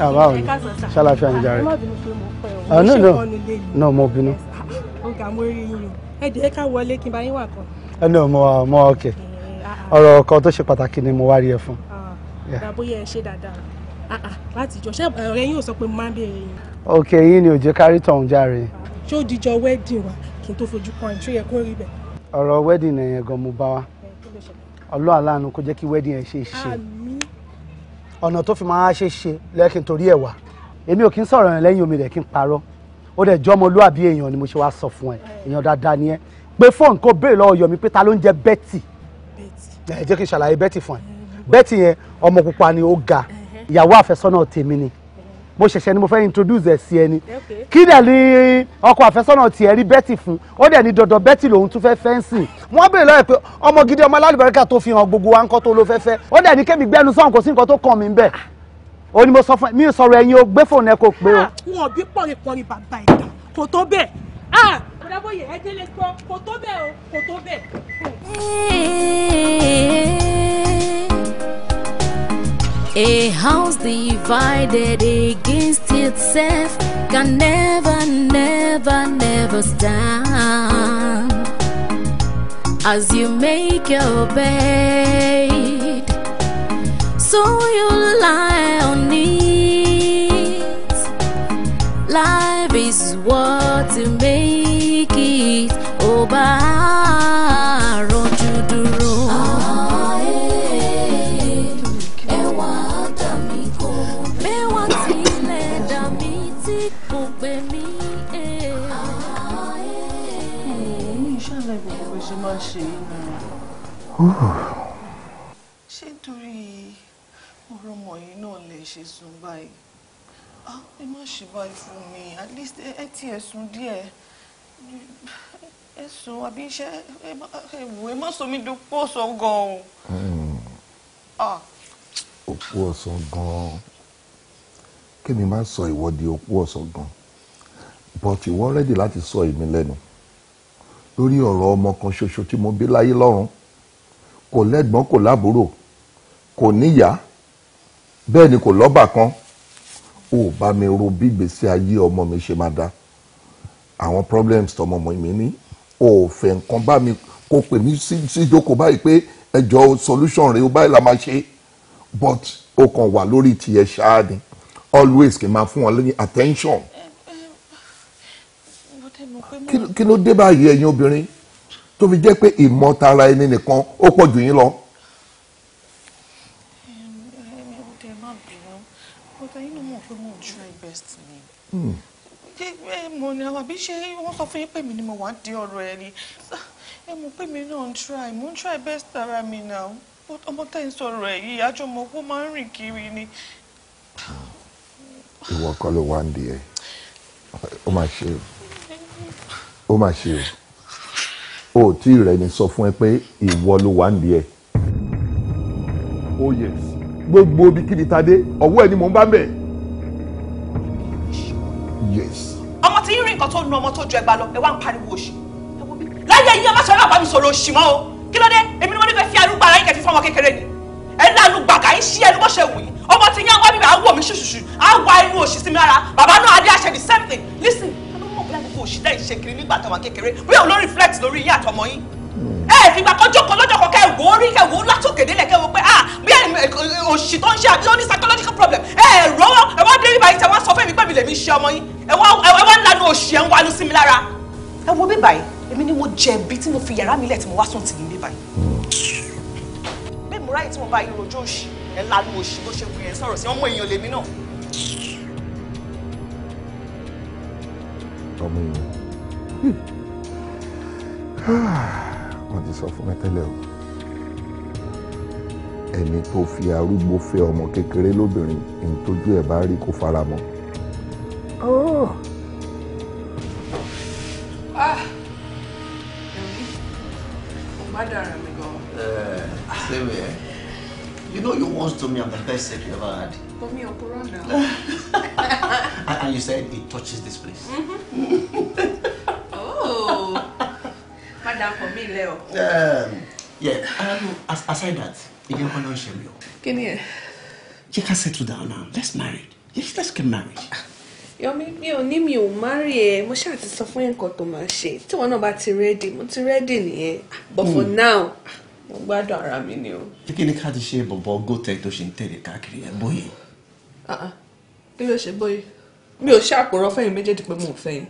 àbá ah, òní ṣàlàfíà ní jàre. ẹ náà náà náà mo bínú. ọgá mo rí yín o ẹ dẹ̀ ká wọlé kí n bá yín wà kan. ẹ eh, náà mo wà mo wà òkè eh, ah, ah. ọ̀rọ̀ kan tó ṣe pàtàkì ni mo wá rí ẹ fún. bóyá ẹ ṣe dáadáa láti jọ ṣé ọ̀rẹ́ yín ò sọ pé mo máa ń béèrè yín. òkè yín ni ò jẹ́ kárí tọ̀hún jàre. ṣé ó dijọ́ wedding wa kí n tó fojú kan ìtú yẹ kó rí bẹ́ẹ̀. ọ̀rọ̀ wedding yẹn gan mo bá wa eh, ọlọ́ àlànà kó jẹ́ kí wedding yẹn ṣe é ṣe. àmín ọ̀nà tó fi máa ṣe ṣe lẹ́kìn torí ẹ̀ wá èmi ò kí ń sọ̀rọ̀ yẹn lẹ́yìn omi rẹ̀ kí n parọ́ ó dẹ̀ jọ́ ọmọlúàbí èèyàn ni mo ṣe wá sọ fún ẹ èèyàn dáadáa ni ẹ pé fóònù kò béèrè lọ́wọ́ yọmi pé ta ló ń jẹ́ Betty ẹ jẹ́ kí n ṣàlàyé Betty fún ẹ Betty yẹn ọmọ pupa ni ó ga ìyàwó àfẹ́sọ́nà tèmi ni mo ṣẹ̀ṣẹ̀ ni mo fẹ́ introduce ẹ̀ sí ẹni kí dẹ̀ ni ọkọ àfẹ́sọ́nà tiẹ̀ rí Betty fún ó dẹ̀ ni dọ̀dọ̀ Betty lòun tún fẹ́ fẹ́ǹsì wọ́n béèrè lọ́yẹ̀ pé ọmọ gidi ọmọ alálùbáríkà tó fi hàn gbogbo wa ńkọ́ tó ló fẹ́ fẹ́ ó dẹ̀ ni kémi gbẹ́nu sọ̀hún kò sí nǹkan tó kàn mí bẹ́ẹ̀ ó ní mo sọ fún ẹ mi ò sọ̀rọ̀ ẹ̀yin o gbé fóònù ẹ kò pé o. Ah, wọn bí pọ̀rìpọ̀rì bàbá ìdá kò tó bẹ́ẹ̀ ah kò tó bẹ́ẹ̀ o kò A house divided against itself can never, never, never stand. As you make your bed, so you lie on it. Life is what you make it. Oh, ṣé nítorí ọ̀rọ̀ ọmọ yìí náà lè ṣe sùn báyìí ẹ má ṣe báyìí fún mi at least ẹ ti ẹ̀ sùn díẹ̀ ẹ sùn àbí iṣẹ́ ẹ wò ẹ má sọ mi di opó ọ̀sán gan-an o. Hmm. opó ọ̀sán gan-an kémi máa sọ ìwọ di opó ọ̀sán gan but ìwọ rẹ́dì láti sọ èmi lẹ́nu lórí ọ̀rọ̀ ọmọ kan ṣoṣo tí mo bí láyé lọ́run kò lẹ́gbọ́n kò lábúrò kò níyà bẹ́ẹ̀ ni kò lọ́bàkan ò bá mi ro bí ìgbésí ayé ọmọ mi ṣe máa da àwọn problems tọmọ ọmọ mi ní ò fẹ́ nǹkan bá mi kó pè mí sí báyìí pé ẹjọ́ solution rẹ̀ ó báyìí la máa ṣe but ó kàn wà lórí tiẹ̀ ṣáá always kì í máa fún wọn lẹ́yìn attention kí ló dé báyìí ẹ̀yin obìnrin tó fi jẹ́ pé ìmọ̀tara ẹni nìkan ó pọ̀ jù yín lọ. mo ní àwọn àbí ṣe wọ́n sọ fún yín pé mi ni mo wà á di ọ̀rọ̀ ẹ ni ẹ mọ̀ pé mi náà ń try mo ń try best ara mi náà ọmọ tẹ́ ń sọ̀rọ̀ ẹ̀ yìí àjọmọ̀ owó máa ń rìn kiri ni. ìwọ kọ́ ló wá ń di ẹ ó máa ṣe o ó máa ṣe o o tí rẹ̀ ni sọ fún ẹ pé ìwọ ló wà nílé ẹ. oh yes gbogbo ibikíbi ta dé ọwọ́ ẹ ni mò ń bá ń bẹ̀. yes. ọmọ tí yín rí nǹkan tó nu ọmọ tó ju ẹgbàá lọ ẹ wá ń pariwo òṣì láyé yín ọmọ sọ̀rọ̀ àbámi sọ̀rọ̀ òṣì mọ́ o kí ló dé èmi ni wọ́n ní fẹ́ fi arúgbó ara yín kẹ́ fi fún ọmọ kékeré ni ẹ ní alùgbàgà ń ṣí ẹnu bọ́ṣẹ̀ wù yín ọmọ tí yín àwọn bíbẹ̀ á wọ̀ mí ṣùṣùṣù á wá inú òṣì sí mi rárá bàbá náà adé àṣẹ the same thing listen òṣìṣẹ́ ìṣèkiri nígbà táwọn kékeré bóyá olórí flex lórí yín àtọmọ yín ẹ fìgbà kan jókòó lọ́jọ́ kan kẹ́ wò ó rí kẹ́ wò ó látòkè délẹ̀ kẹ́ wò pé ah bí òṣì tó ń ṣe àbí ó ní psychological problem ẹ ẹ rọ wọn ẹ wá dé bíbá yìí tẹ wá sọ fẹ́mi pẹ̀mí lèmi ṣe ọmọ yín ẹ wá ẹ wá lanu òṣì ẹ ń wanu sí mi lára. ẹ wo bíbá yìí èmi ni mo jẹ̀bi tí mo fi yàrá mi lẹ̀ tí mo wá sùn tì ní bíbá yìí. bẹ́ẹ̀ mo ráyè tí mo bá yín rojọ́ òṣì ẹ lanu òṣì bó ṣe wù yẹn sọ̀rọ̀ sí ọmọ èèyàn lèmi náà tọmọ èèyàn hmm. wọ́n ti sọ fún mi tẹ́lẹ̀ o ẹni tó fi arúgbó fẹ́ ọmọ kékeré lóbìnrin ní tójú ẹ̀ bá rí kó fara mọ́. Oh. Ah. Eh, you know you once told me I'm the best sex you ever had. But me, Okoro now. and you said it touches this place. Mm-hmm. oh. Madam, for me, Leo. Um, yeah, um, aside that, you didn't want to shame you. Can you? You can settle down now. Let's marry. Yes, let's get married. Yomi mi ò ní mi ò marry ẹ mo ṣáà ti sọ fún yẹn nǹkan tó máa ṣe tí wọn náà ti rẹ́dì mo ti rẹ́dì nìyẹn but for mm. now mo gbádùn ara mi ni o. kí ni ká ti ṣe go gotech tó ṣe ń tẹ̀lé káàkiri ẹ̀ bóyá kí ló ṣe bóyá mi ò ṣe àpòrọ̀ fẹ́yìn méjèèjì pé mo ò fẹ́yìn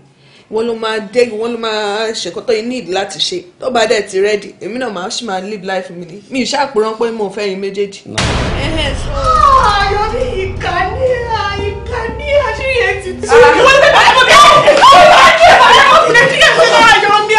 wọ́n ló máa dé wọ́n ló máa ṣèkọ́ tó need láti ṣe tó bá dẹ̀ ti rẹ́dì èmi náà máa ṣì máa live life mi ni mi ò ṣe àpòrọ̀ pé mo ò fẹ́yìn méjèèjì. ayọ̀ ní ìkà ní ìkà ní àṣírí ẹ̀ ti tú. wọ́n ti bá ẹ̀mọ́ kẹ́kẹ́ ọ̀rọ̀ ajé ìbàdàn kò sí ẹ̀jẹ̀ kẹ́kẹ́ fún ayọ̀ mi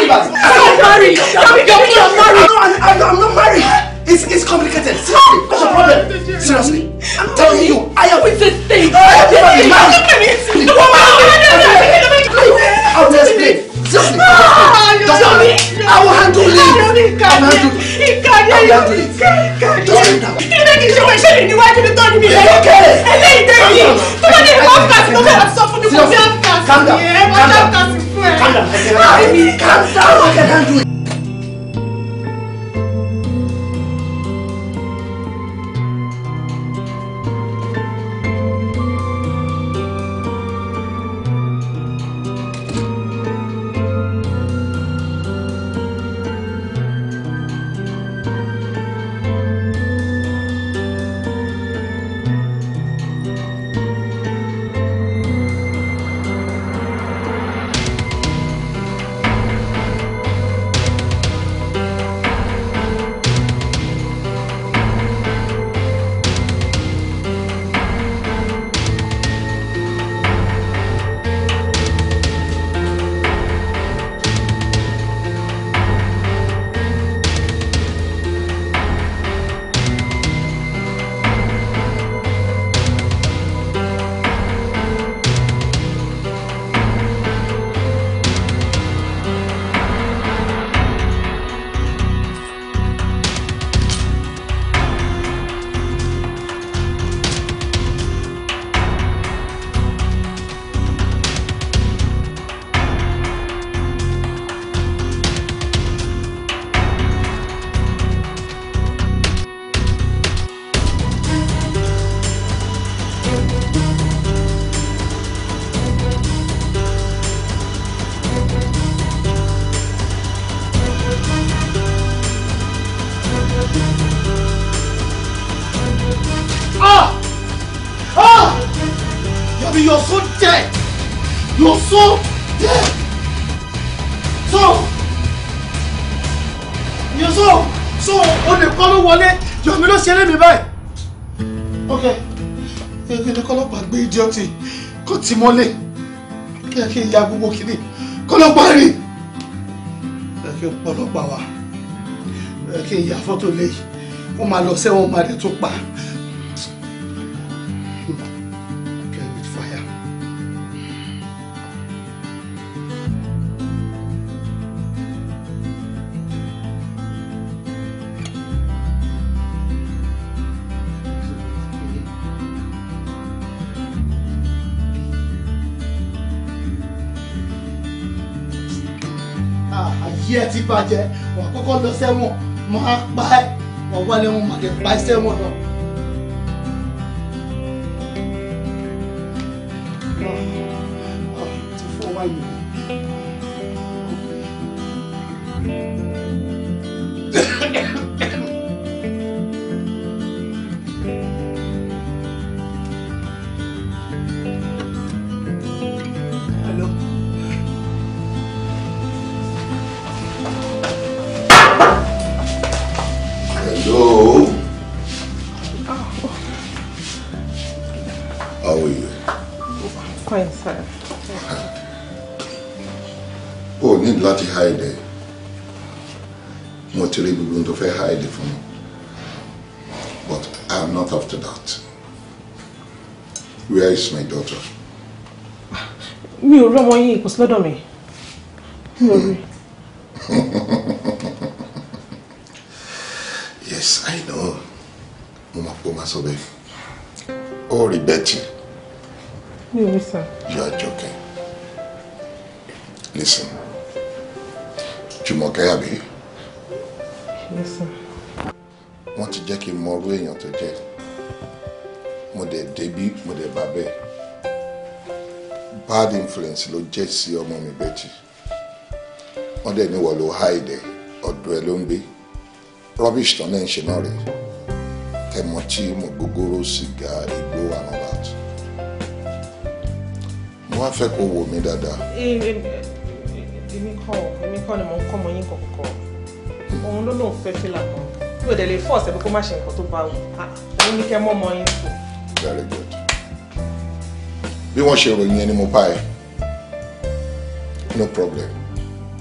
àṣírí tó kọ́ mi kọ́ It's, it's complicated. Seriously, what's your problem? Seriously, I'm telling you, I am with this thing. I am with this me. No, no, no, I'll explain. Seriously, just tell me. I will handle it. I will handle it. I will handle it. Just sit down. Ilé kìí ṣe wẹ̀ṣẹ̀ lè níwájú ní tọ́jú mi lẹ́yìn. Eléyìí dé yìí. Tó bá dé ní podcast ló fẹ́ràn sọ fún mi kò sí outcast yẹn. Wọ́n outcast fún ẹ. Calm down. Calm down. I can handle it. idiot kò tí mọ́lẹ̀ kí ẹ ya gbogbo kiri kọlọ́pàá rí ẹ kí ọlọ́pàá wá ẹ kí ya fọ́tò lẹ́yìn wọ́n máa lọ sẹ́wọ̀n máa dẹ̀ tó pa àdèpàṣẹ wọn náà. coin, sir. O ní láti hide ẹ̀. Mo ti rí gbogbo hide fún mi. But I am not after that. Where is my daughter? Mi ò rí ọmọ yín, kò sí lọ́dọ̀ mi. Yes, I know. Mo máa fọ́ máa sọ bẹ́ẹ̀. Maybe, sir. You are joking. Listen. Jumoke Abi. Yes, sir. Wọ́n ti jẹ́ kí n mọ orú èèyàn tó jẹ́. Mo dẹ̀ débí, mo dẹ̀ bá bẹ́ẹ̀. Bad influence ló jẹ́ sí ọmọ mi Betty. Wọ́n dẹ̀ níwọ̀ ló háìdẹ̀, ọ̀dọ̀ ẹ ló ń gbé. Rubbish tán náà ń ṣe náà rèé. Tẹ̀mọ̀tì, mo gbogbooro, sìgá, ìgbà. mo wá fẹ́ kó wò mí dáadáa. èmi kọ́ èmi kọ́ ni mò ń kọ́ ọmọ yín kọ̀ọ̀kan òun ló lóun fẹ́ fìlà kan bí o dẹ̀ lè fọ́ ọ̀sẹ̀ pé kó má ṣe nǹkan tó bá wù òun ah, ah, ní kẹ́ mọ́ ọmọ yín sùn. very good bí wọ́n ṣe ròyìn ẹni mo pa ẹ no problem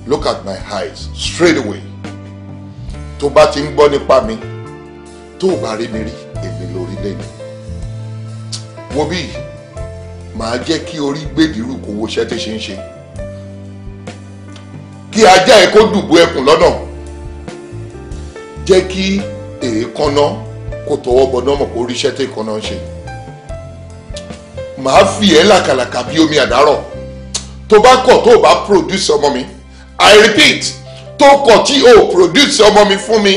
look at my eyes straight away tó bá ti ń gbọ́ nípa mi tó o bá rí mi rí èmi lórí lẹ́yìn wo bíi màá jẹ́ kí orí gbèdìrú kò wo iṣẹ́ tó ṣe ń ṣe kí ajá ẹ kó dùbò ẹkùn lọ́nà jẹ́ kí èékánná kó tọwọ́ bọná mọ̀ kó rí iṣẹ́ tó ìkànnà ń ṣe màá fi ẹ́ làkàlàkà bí omi àdárọ̀ tó bá kọ̀ tó bá produce ọmọ mi i repeat tó kọ̀ tí o produce ọmọ mi fún mi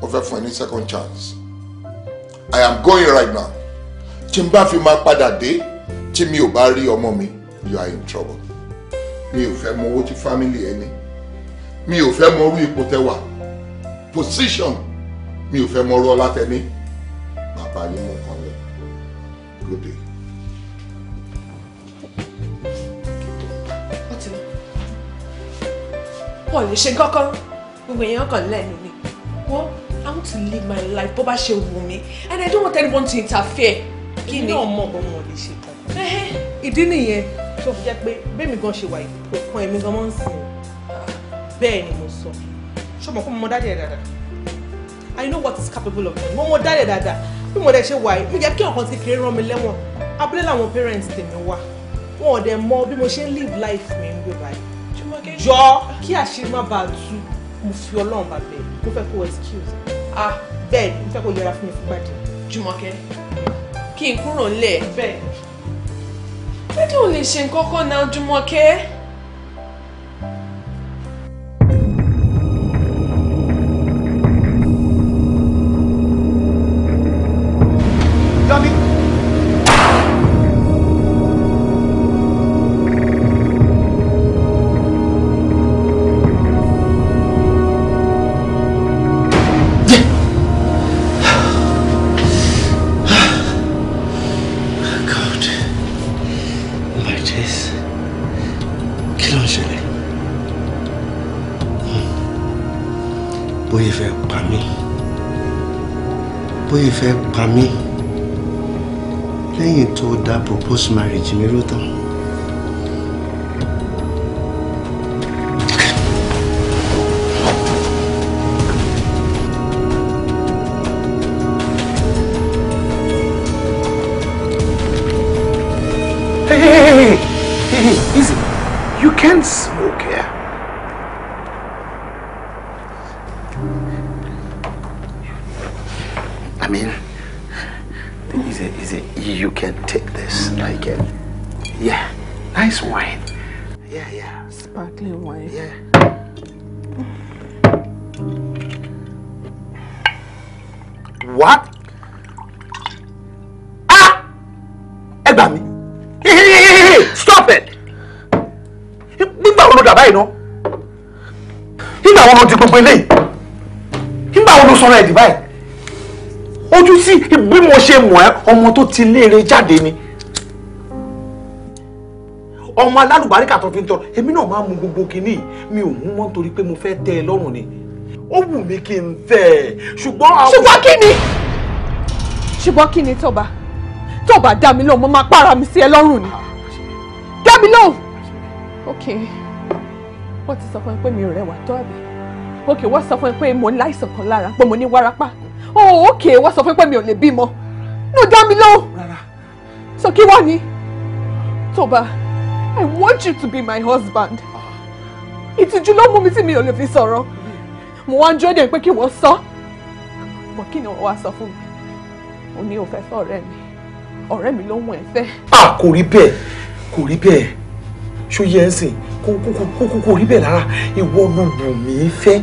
mo fẹ́ fún ẹ ní second chance i am going right now tí n bá fi máa padà dé tí mi ò bá rí ọmọ mi you are in trouble mi ò fẹ́ mọ owó tí family ẹ ní mi ò fẹ́ mọ orú ipò tẹ position mi ò fẹ́ mọ orú ọlá tẹ ní bàbá yín mú kan lẹ good day. wọn ò lè ṣe kọ́kọ́ gbogbo èèyàn kàn lẹ́nu ni wọ́n I want to live my life bó bá ṣe wù mí and I don't want anyone to interfere kí ni ọmọ ọmọ lè ṣe kankan ìdí nìyẹn tó fi jẹ́ pé bẹ́ẹ̀ mi gan ṣe wà òkan èmi gan máa ń sìn bẹ́ẹ̀ ni mo sọ ṣọmọ kó mo mọ dáadé dáadáa I know what is capable of me mo mọ dáadé dáadáa bí mo dẹ̀ ṣe wà yìí mi jẹ́ kí ọ̀kan ti kéré rán mi lẹ́wọ̀n abúlé làwọn parents tèmi wá wọn ò dẹ̀ mọ bí mo ṣe ń live life mi ń gbé báyìí jọ kí àṣírí má bàa tú mo fi ọlọ́run bàbẹ̀ mo fẹ́ kó excuse ah bẹ́ẹ̀ ni mo fẹ́ kó yẹra fún mi fún gbàdé. Jùmọ̀kẹ́ kí n kúrò ńlẹ̀. bẹ́ẹ̀ pé kí n lè ṣe nǹkan kan náà Jùmọ̀kẹ́. pa mí lẹ́yìn tó dá proposed marriage mi rú tán. lè mọ̀ ẹ́ ọmọ tó ti léèrè jáde ni ọmọ alálùbáríkà tó fi ń tọrọ èmi náà máa mu gbogbo kínní mi ò mú wọn torí pé mo fẹ́ tẹ́ ẹ lọ́rùn ni ó wù mí kí n fẹ́ ẹ ṣùgbọ́n ṣùgbọ́n kí ni ṣùgbọ́n kí ni tọ́ba tọ́ba dá mi lóhùn mo máa para mi sí ẹ lọ́rùn ni dá mi lóhùn. ok wọ́n ti sọ fún mi pé mi ò rẹwà tó àbí ok wọ́n sọ fún mi pé mo láìsàn kan lára pé mo ní wárápá oh ok wọ́n sọ fún mi pé mi ò lè bímọ dá mi lóhùn. so kí wá ni. Toba I want you to be my husband. Ah. ìtìjú ló mú mi tí mi ò lè fi sọ̀rọ̀ mo wá ń jó dé pé kí wọ́n sọ. mo kí ni wọ́n wá sọ fún mi o ní òfẹ́ fẹ́ ọ̀rẹ́ mi ọ̀rẹ́ mi ló ń wọ̀n fẹ́. a kò rí bẹ́ẹ̀ kò rí bẹ́ẹ̀ ṣó yẹ ẹ sìn kó kó kó kó rí bẹ́ẹ̀ rárá ìwọ náà wọ̀n mí fẹ́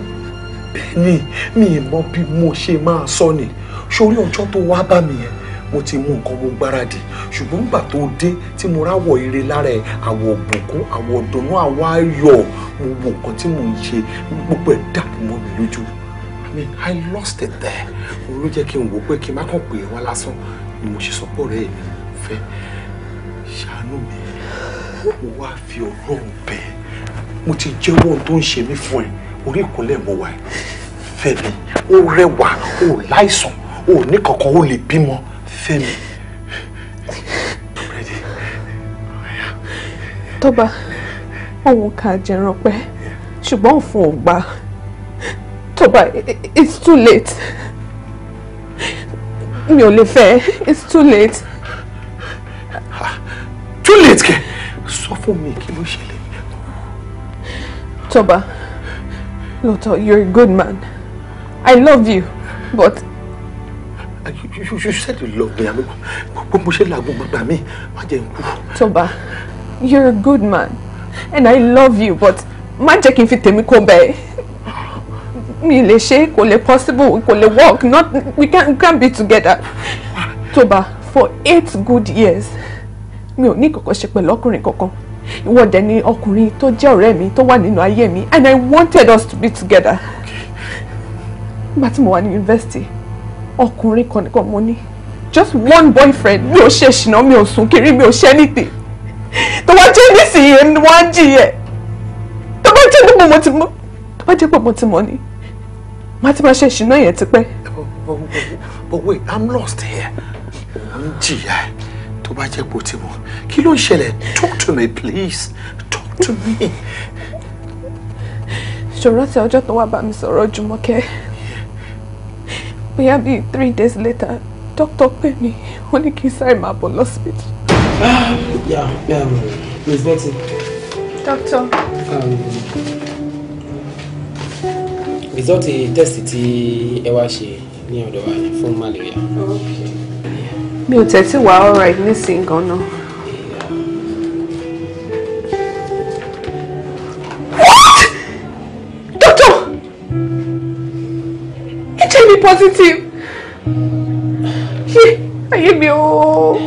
bẹ́ẹ̀ mi ì mọ bí mo ṣe máa sọ ni sórí ọjọ́ tó wá bá mi yẹn mo ti mú nǹkan mo gbáradì ṣùgbọ́n nígbà tó dé tí mo ráwọ̀ ire lára ẹ̀ àwọ̀ òbùnkún àwọ̀ ọ̀dùnnú àwọ̀ ayọ̀ mo wo nǹkan tí mo ń ṣe gbogbo ẹ̀ dàbí mọ́ mi lójú I mean I lost it there òun ló jẹ́ kí n wò pé kí n má kàn pè é wá lásán ni mo ṣe sọ pé ọ̀rẹ́ mi fẹ́ ṣàánú mi mo wá fi ọlọ́run bẹ́ẹ̀ mo ti jẹ́wọ́ ohun tó ń ṣe mí fún ẹ orí ìkúnlẹ̀ mo wà fẹ́ mi ó rẹwà ó láìsàn ó ní kankan ó lè bímọ Fẹ́mi. Ready. Toba, òun kà jẹran pẹ́, ṣùgbọ́n òfun ò gbà. Tọ́ba, it's too late. Mi ò lè fẹ́, it's too late. Too late ke? So fún mi kí ló ṣẹlẹ̀. Toba, lóòótọ́, you're a good man. I love you, but you, you said you love me. Gbogbo mo ṣe làágùn gbàgbà mi, má jẹ́ n Toba, you're a good man and I love you but má jẹ́ kí n fi tèmi kó bẹ́ẹ̀. Mi lè ṣe kò lè possible kò lè work not we can't, we can't be together. Toba, for eight good years, mi ò ní kankan ṣe pẹ̀lú ọkùnrin kankan ìwọ dẹ̀ ni ọkùnrin tó jẹ́ ọ̀rẹ́ mi tó wà nínú ayé mi and I wanted us to be together. nígbà tí mo wà ní yunifásitì ọkùnrin kan nìkan mo ní just one boyfriend mi ò ṣe ṣìnà mi ò sùn kiri mi ò ṣe anything tó wá jẹ́ nísìnyí wọ́n á jìyẹ tó bá jẹ́ pé mo ti mọ̀ tó bá jẹ́ pé mo ti mọ̀ ni má ti máa ṣe ìṣìnà yẹn tipẹ́. but wait i'm lost here i'm jìyà tó bá jẹ́ pé o ti mọ̀ kí ló ń ṣẹlẹ̀ talk to me please talk to me. ṣòro àti ọjọ́ tó wá bá mi sọ̀rọ̀ Jùmọ̀kẹ́. We have been three days later doctor pè mí wọ́n ní kí n sáré máa bọ̀ ah, yeah yeah um, miss betty. doctor. Um, result eh, test the ẹ wá ṣe ní ọ̀dọ̀ wa fún malaria. mi ò tẹ̀ tí wàá all right nísìnyí gan-an. be positive. ayé mi o.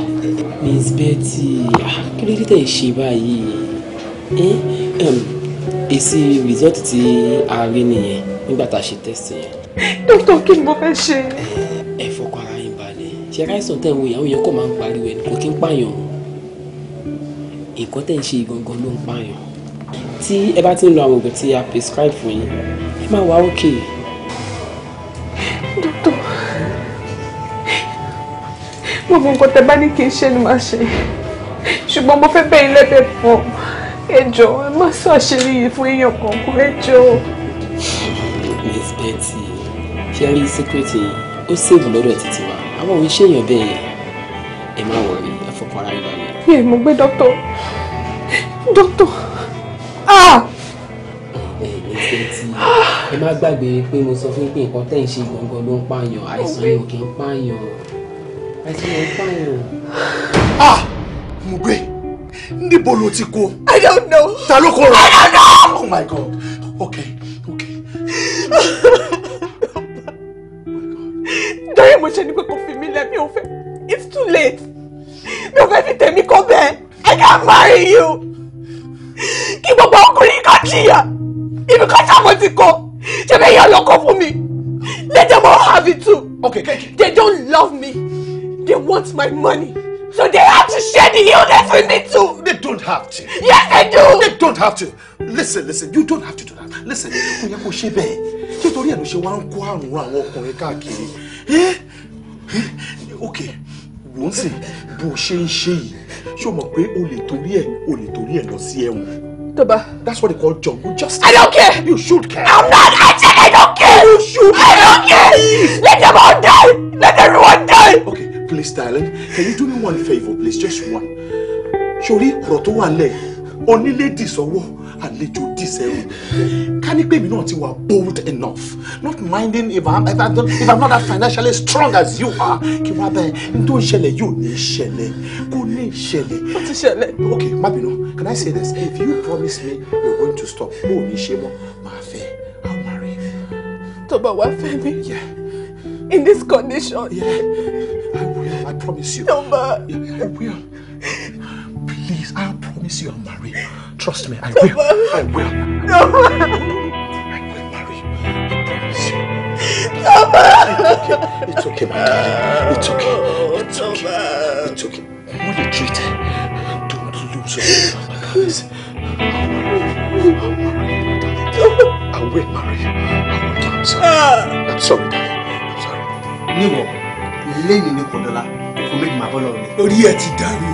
miss betty ah, kí ló dé tẹ̀ ṣe báyìí èsì result tí a rí nìyẹn nígbà tá a ṣe test yẹn. dókítà kí ni mo fẹ́ ṣe. ẹ fọkàn ara yín balẹ̀ ṣe aláìsàn tẹ̀ ń wo ìyàwó yẹn kò máa ń pariwo ẹni kò kí ń pààyàn nǹkan tẹ̀ ń ṣe gangan ló ń pààyàn tí ẹ bá ti ń lo àwọn oògùn tí a prescribe fún yín ẹ máa wà ókè. Okay gbogbo nǹkan tẹ bá ní kí n ṣe ni màá ṣe ṣùgbọ́n mo fẹ́ bẹ́yìn lẹ́bẹ̀ẹ́ pọ̀ ẹ jọ̀ọ́ ẹ má sọ àṣírí yìí fún èèyàn kankan ẹ jọ̀ọ́. miss betty ṣe rí síkírẹ́tì ó ṣègùn lọ́dọ̀ títí wa àwọn òun ṣe èèyàn bẹ́ẹ̀ ẹ má wọrí ẹ fọkàn ara ìbàdàn. ẹ mo gbé dókítà dókítà ah. ẹ miss betty ẹ má gbàgbé pé mo sọ fún yín pé nǹkan tẹ̀ ń ṣe gbọ̀ngàn ló ń pààyàn àìsàn yìí kí ń pààyàn ah mo gbé níbo i don't know. ta i don't know. oh my god okay okay. dọ́yẹ̀ mo ṣe ni pé kò fi me? lẹ̀ mi ò fẹ́ it's too late mi ò fẹ́ fi tèmi kọ́ bẹ́ẹ̀ i can't marry you kí gbogbo ọkùnrin kan jìyà ibi kan sábò ti kọ ṣe bẹ́ẹ̀ yọ ọlọ́kọ let them all have it too okay, okay. they don't love me. They want my money. So they have to share the illness with me too. They don't have to. Yes, they do. They don't have to. Listen, listen, you don't have to do that. Listen, kò yẹ kó ṣe bẹ́ẹ̀. Nítorí ẹ̀ ló ṣe wá ń kó àrùn ran àwọn ọkùnrin káàkiri. Ok, wò ó sì bó o ṣe ń ṣe yìí. Ṣé o mọ̀ pé o lè torí ẹ̀ o lè torí ẹ̀ lọ sí ẹ̀wọ̀n? Toba. That's what they call jungle justice. I don't care. You should care. I'm not. I said I don't care. You should care. I don't care. Let them all die. Let everyone die. Okay please darling can you do me one favour please just one Surely, sori ọ̀rọ̀ tó wà lẹ̀ onílé dìsọ́wọ́ àlejò dìsẹ́rù ká ní pé mi náà ti are bold enough not minding if I'm, if I'm, not, if I'm not that financially strong as you are kí wọ́n abẹ́ n tó ń ṣẹlẹ̀ yóò ní ṣẹlẹ̀ kò ní ṣẹlẹ̀. okay Mabino. can I say this if you promise me you're going to stop mo ò ní ṣe I'll marry you. tó bá wá fẹ́ mi in this condition. Yeah, I will. I promise you. Number. I will. Please, I promise you I'll marry. Trust me, I will. I will. Number. I will marry. I promise you. Number. It's okay. It's okay, my darling. It's okay. It's okay. It's okay. What a treat. Don't lose your promise. I'll marry. I'll marry, I will marry. I am sorry. Ah. I'm sorry, darling. I'm sorry. No. one. lẹ́yìn ní kọ̀dọ̀la òkú máa bọ́ lọ́rùn ni. orí ẹ ti dàrú.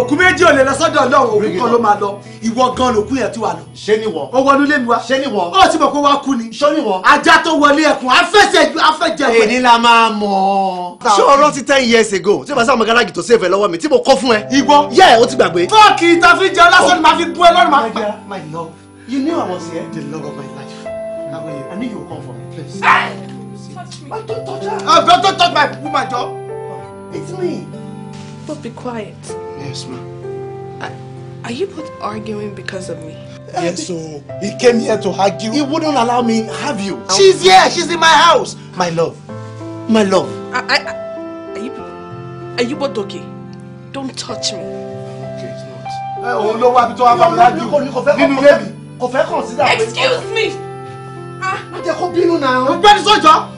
òkú ò lè lọ sọ́dọ̀ ọlọ́run òkú kan ló máa lọ ìwọ gan lòkú yẹn ti wà lọ. ṣé ni wọ. ó wọnú lé mi wá. ṣé ni wọ. ó ti mọ̀ pé wá kú ni. ṣó ni wọ. ajá tó wọlé ẹkùn afẹsẹ afẹjẹ pẹ. èyí la máa mọ̀. ṣé ọ̀rọ̀ ti ten years ago tí màsá magaragi tó sèfẹ lọ́wọ́ mi tí mo kọ fún ẹ. ìwọ. yẹ o ti gbàgbé. fọ́ọ̀kì ìtàfi jẹun ni But don't touch her. Oh, don't, don't touch my woman, Joe. it's me. But be quiet. Yes, ma'am. Are you both arguing because of me? Yes, so he came here to hug you. He wouldn't allow me have you. Oh. She's here. She's in my house. My love. My love. I, I, are you, are you both okay? Don't touch me. Okay, it's not. Eh, oh no, ló wá to have a bá mi Excuse me. Ah. Má jẹ́ kó bínú now. Mo gbẹ́ni sọ́jọ́.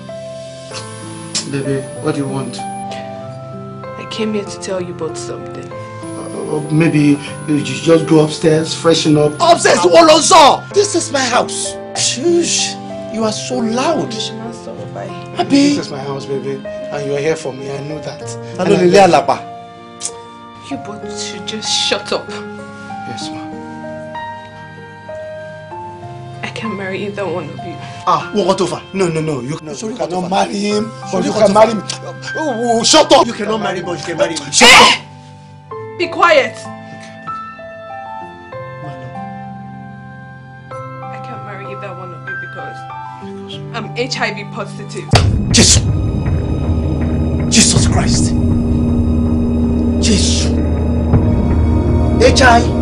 Baby, what do you want? I came here to tell you about something. Uh, uh maybe you just go upstairs, freshen up. Upstairs to This is my house. Shush, you are so loud. Abi. This is my house, baby, and you are here for me. I know that. I know Lily You both should just shut up. Yes, ma'am. I can't marry either one of you. Ah, we want over. No, no, no. You, no, you cannot over. marry him, but you, you can marry me. Oh, oh, shut up! You cannot marry, but you can marry me. Eh? Shut eh! up! Be quiet! I can't marry either one of you because I'm HIV positive. Jesus! Jesus Christ! Jesus! HIV!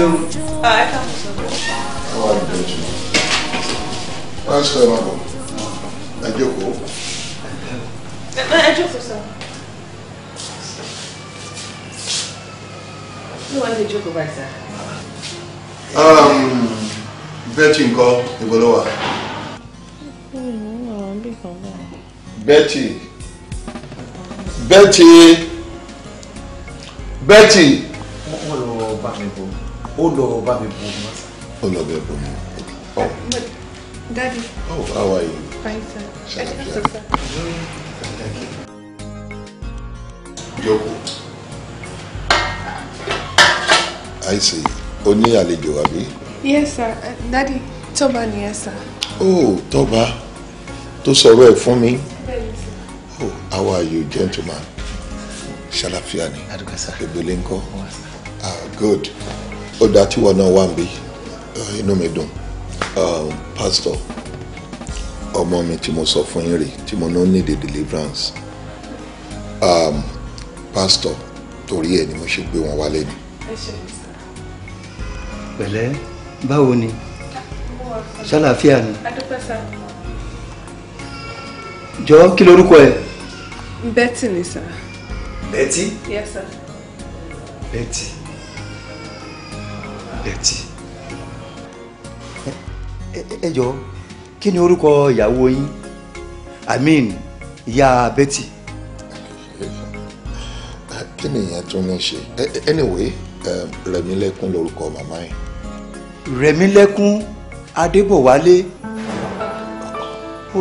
ni o. ẹ káàbọ̀ sọ. ẹ wà ní bẹ́ẹ̀ jù wọ́n sọ ẹ máa bọ̀ ẹ jókòó. ẹ jókòó sọ. ní wọ́n Betty ńkọ́ ibo ló wà. Betty Betty Betty. Oh no, baby. mi bu omi wá sá. ó Daddy. Oh, how are you? Fine, sir. Thank you. Yoko. I see. O ní àlejò àbí? Yes, sir. Uh, Daddy, toba, yes, sir. Oh, Tọ́ba. Tó sọ̀rọ̀ ẹ̀ fún mi. Oh, how are you, gentleman? Ṣàlàfíà ni. Adúgbò sá. Ègbèlé ńkọ́? Ah, good ó dáa tí wọn náà wà ń bí inú mi dùn um, pastor. ọmọ mi tí mo sọ fún yín rè tí mo náà need a deliverance um, pásítọ̀ torí ẹ̀ ni mo ṣe gbé wọn wálé ni. pẹ̀lẹ́ báwo ni ṣàlàáfíà ni jọ kí lorúkọ ẹ. Betty ni sir. Betty. yes sir. Betty. Betty. ẹ jọ̀ọ́ kí ni orúkọ ìyàwó yín I mean ìyá Betty. kí ni ìyẹn tún ní ṣe anyway Rẹ̀mílẹ́kún lórúkọ màmá yẹn. Rẹ̀mílẹ́kún Adébọ̀wálé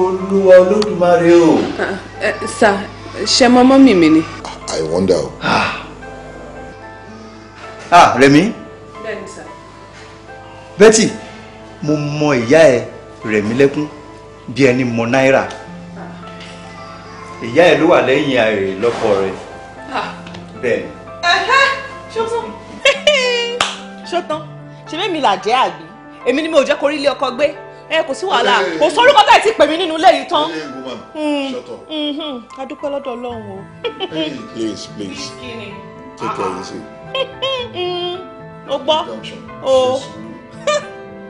olúwa olódùmarè o. sà ṣe mọ́ mọ́mì mi ni. I wonder ah Rẹ̀mí. Ah, Betty mo mọ ìyá ẹ Rẹ̀mílẹ́kún bí ẹni mọ náírà ìyá ẹ ló wà lẹ́yìn ààrẹ lọ́kọ rẹ̀ ah. bẹ́ẹ̀. ṣọ́tán ṣọ́tán ṣe mẹ́mi là jẹ́ àgbẹ̀ èmi ni mo jẹ́ kó rí ilé ọkọ gbé ẹ kò sí wàhálà kò sórúkọ bẹ́ẹ̀ ti pè mí nínú ilé yìí tán hmm. Hmm. a lọ́dọ̀ Ọlọ́run o. please please take care easy. Ah, ah. hmm. o gbọ́ o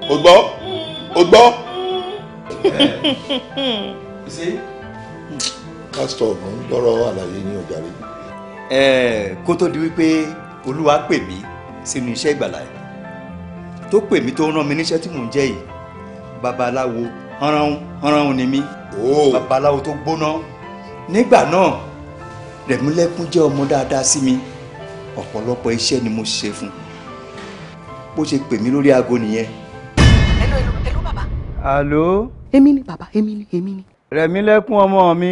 o gbọ́ o gbọ́. pásítọ̀ ọ̀hún lọ́rọ̀ àlàyé ní ọjà rẹ̀. ẹ kó tó di wípé olúwa pè mí sínú iṣẹ́ ìgbàlá yìí tó pè mí tó rán mi níṣẹ́ tí mò ń jẹ́ yìí babaláwo hánránhún hánránhún ni mí babaláwo tó gbóná nígbà náà rẹ̀mílẹ́kún jẹ́ ọmọ dáadáa sí mi ọ̀pọ̀lọpọ̀ iṣẹ́ ni mo ṣe fún un bó ṣe pè mí lórí aago nìyẹn hello hello bàbá. àló. èmi ni bàbá èmi ni èmi ni. rẹ̀mí lẹ́kún ọmọ mi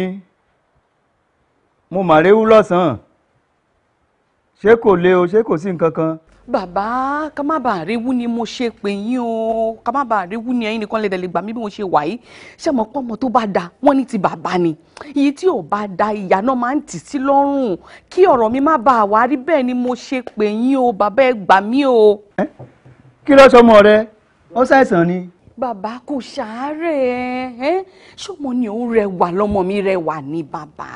mo màrẹ́wú lọ́sàn-án ṣé kò le o ṣé kò sí nǹkan kan. bàbá ká má bàa rewú ni mo ṣe pè yín o ká má bàa rewú ni ẹ̀yin nìkan lè dẹ̀ lè gbà mí bí mo ṣe wà yìí ṣé mo pọ́ tó bá da wọ́n ní ti bàbá ni iye tí ò bá da ìyá náà máa ń tì sí lọ́rùn kí ọ̀rọ̀ mi má bàa wá rí bẹ́ẹ̀ ni mo ṣe pè yín o bàbá ẹ gbà mí o. kí ló ọmọ rẹ ó ṣàìsàn ni. bàbá kò ṣàárẹ̀ ẹ ṣọmọ ni òun rẹwà lọmọ mi rẹwà ni bàbá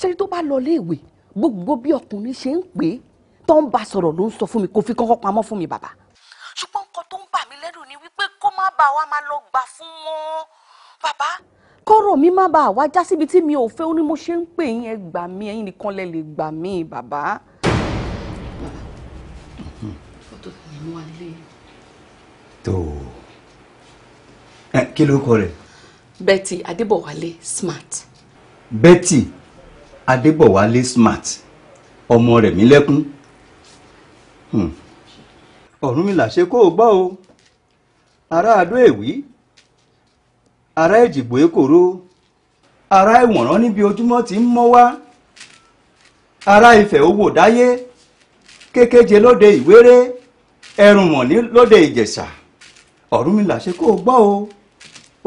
ṣe tó bá lọ léèwé gbogbo bí ọkùnrin ṣe ń pè é tó ń bá sọ̀rọ̀ ló ń sọ fún mi kò fi kọ́kọ́ pamọ́ fún mi bàbá ṣùgbọ́n nǹkan tó ń bà mí lẹ́rù ni wípé kó má bàa wá máa lọ gbà fún wọn bàbá kọ́rọ̀ mi má bàa wá já síbi tí mi ò fẹ́ ó ní mo ṣe ń pè yín ẹ gbà mí ẹ̀yin nìkan lẹ lè gbà mí bàbá. ọ̀tọ̀ ni mo wà nílé yìí. To, ẹ eh, kí ló kọ rẹ. Betty Adébọ̀wálé smart. Betty Adébọ̀wálé smart ọmọ rẹ̀ mí lẹ́kún mi hmm. ṣe kó o gbọ́ o ará Adó Èwí ará Èjìgbò ara ará ìwọ̀nrán níbi ojúmọ́ ti ń mọ́ wá ará Ifẹ̀ owó dáyé kékeje lóde ìwéré ẹrùnmọ̀ lóde Ìjẹ̀ṣà. ọ̀rúnmìlà ṣe kó o gbọ́ o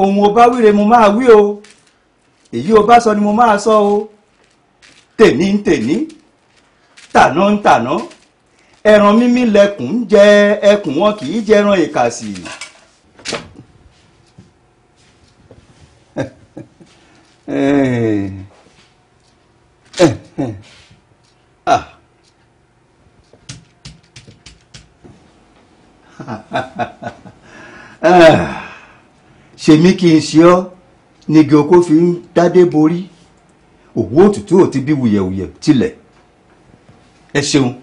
ohun o bá wíre mo máa wí o èyí o bá sọ ni mo máa sọ o tèmi ń tèmi tàná ń tàná ẹran mímí lẹkùn ń jẹ ẹkùn wọn kì í jẹran ìkàsì. ah. ha ha ha ha Ah, ṣèmi kì í ṣe ọ́ nígi oko fi ń dádé borí òwú òtútù ò ti bí wuyẹ̀wuyẹ̀ tilẹ̀ ẹ ṣeun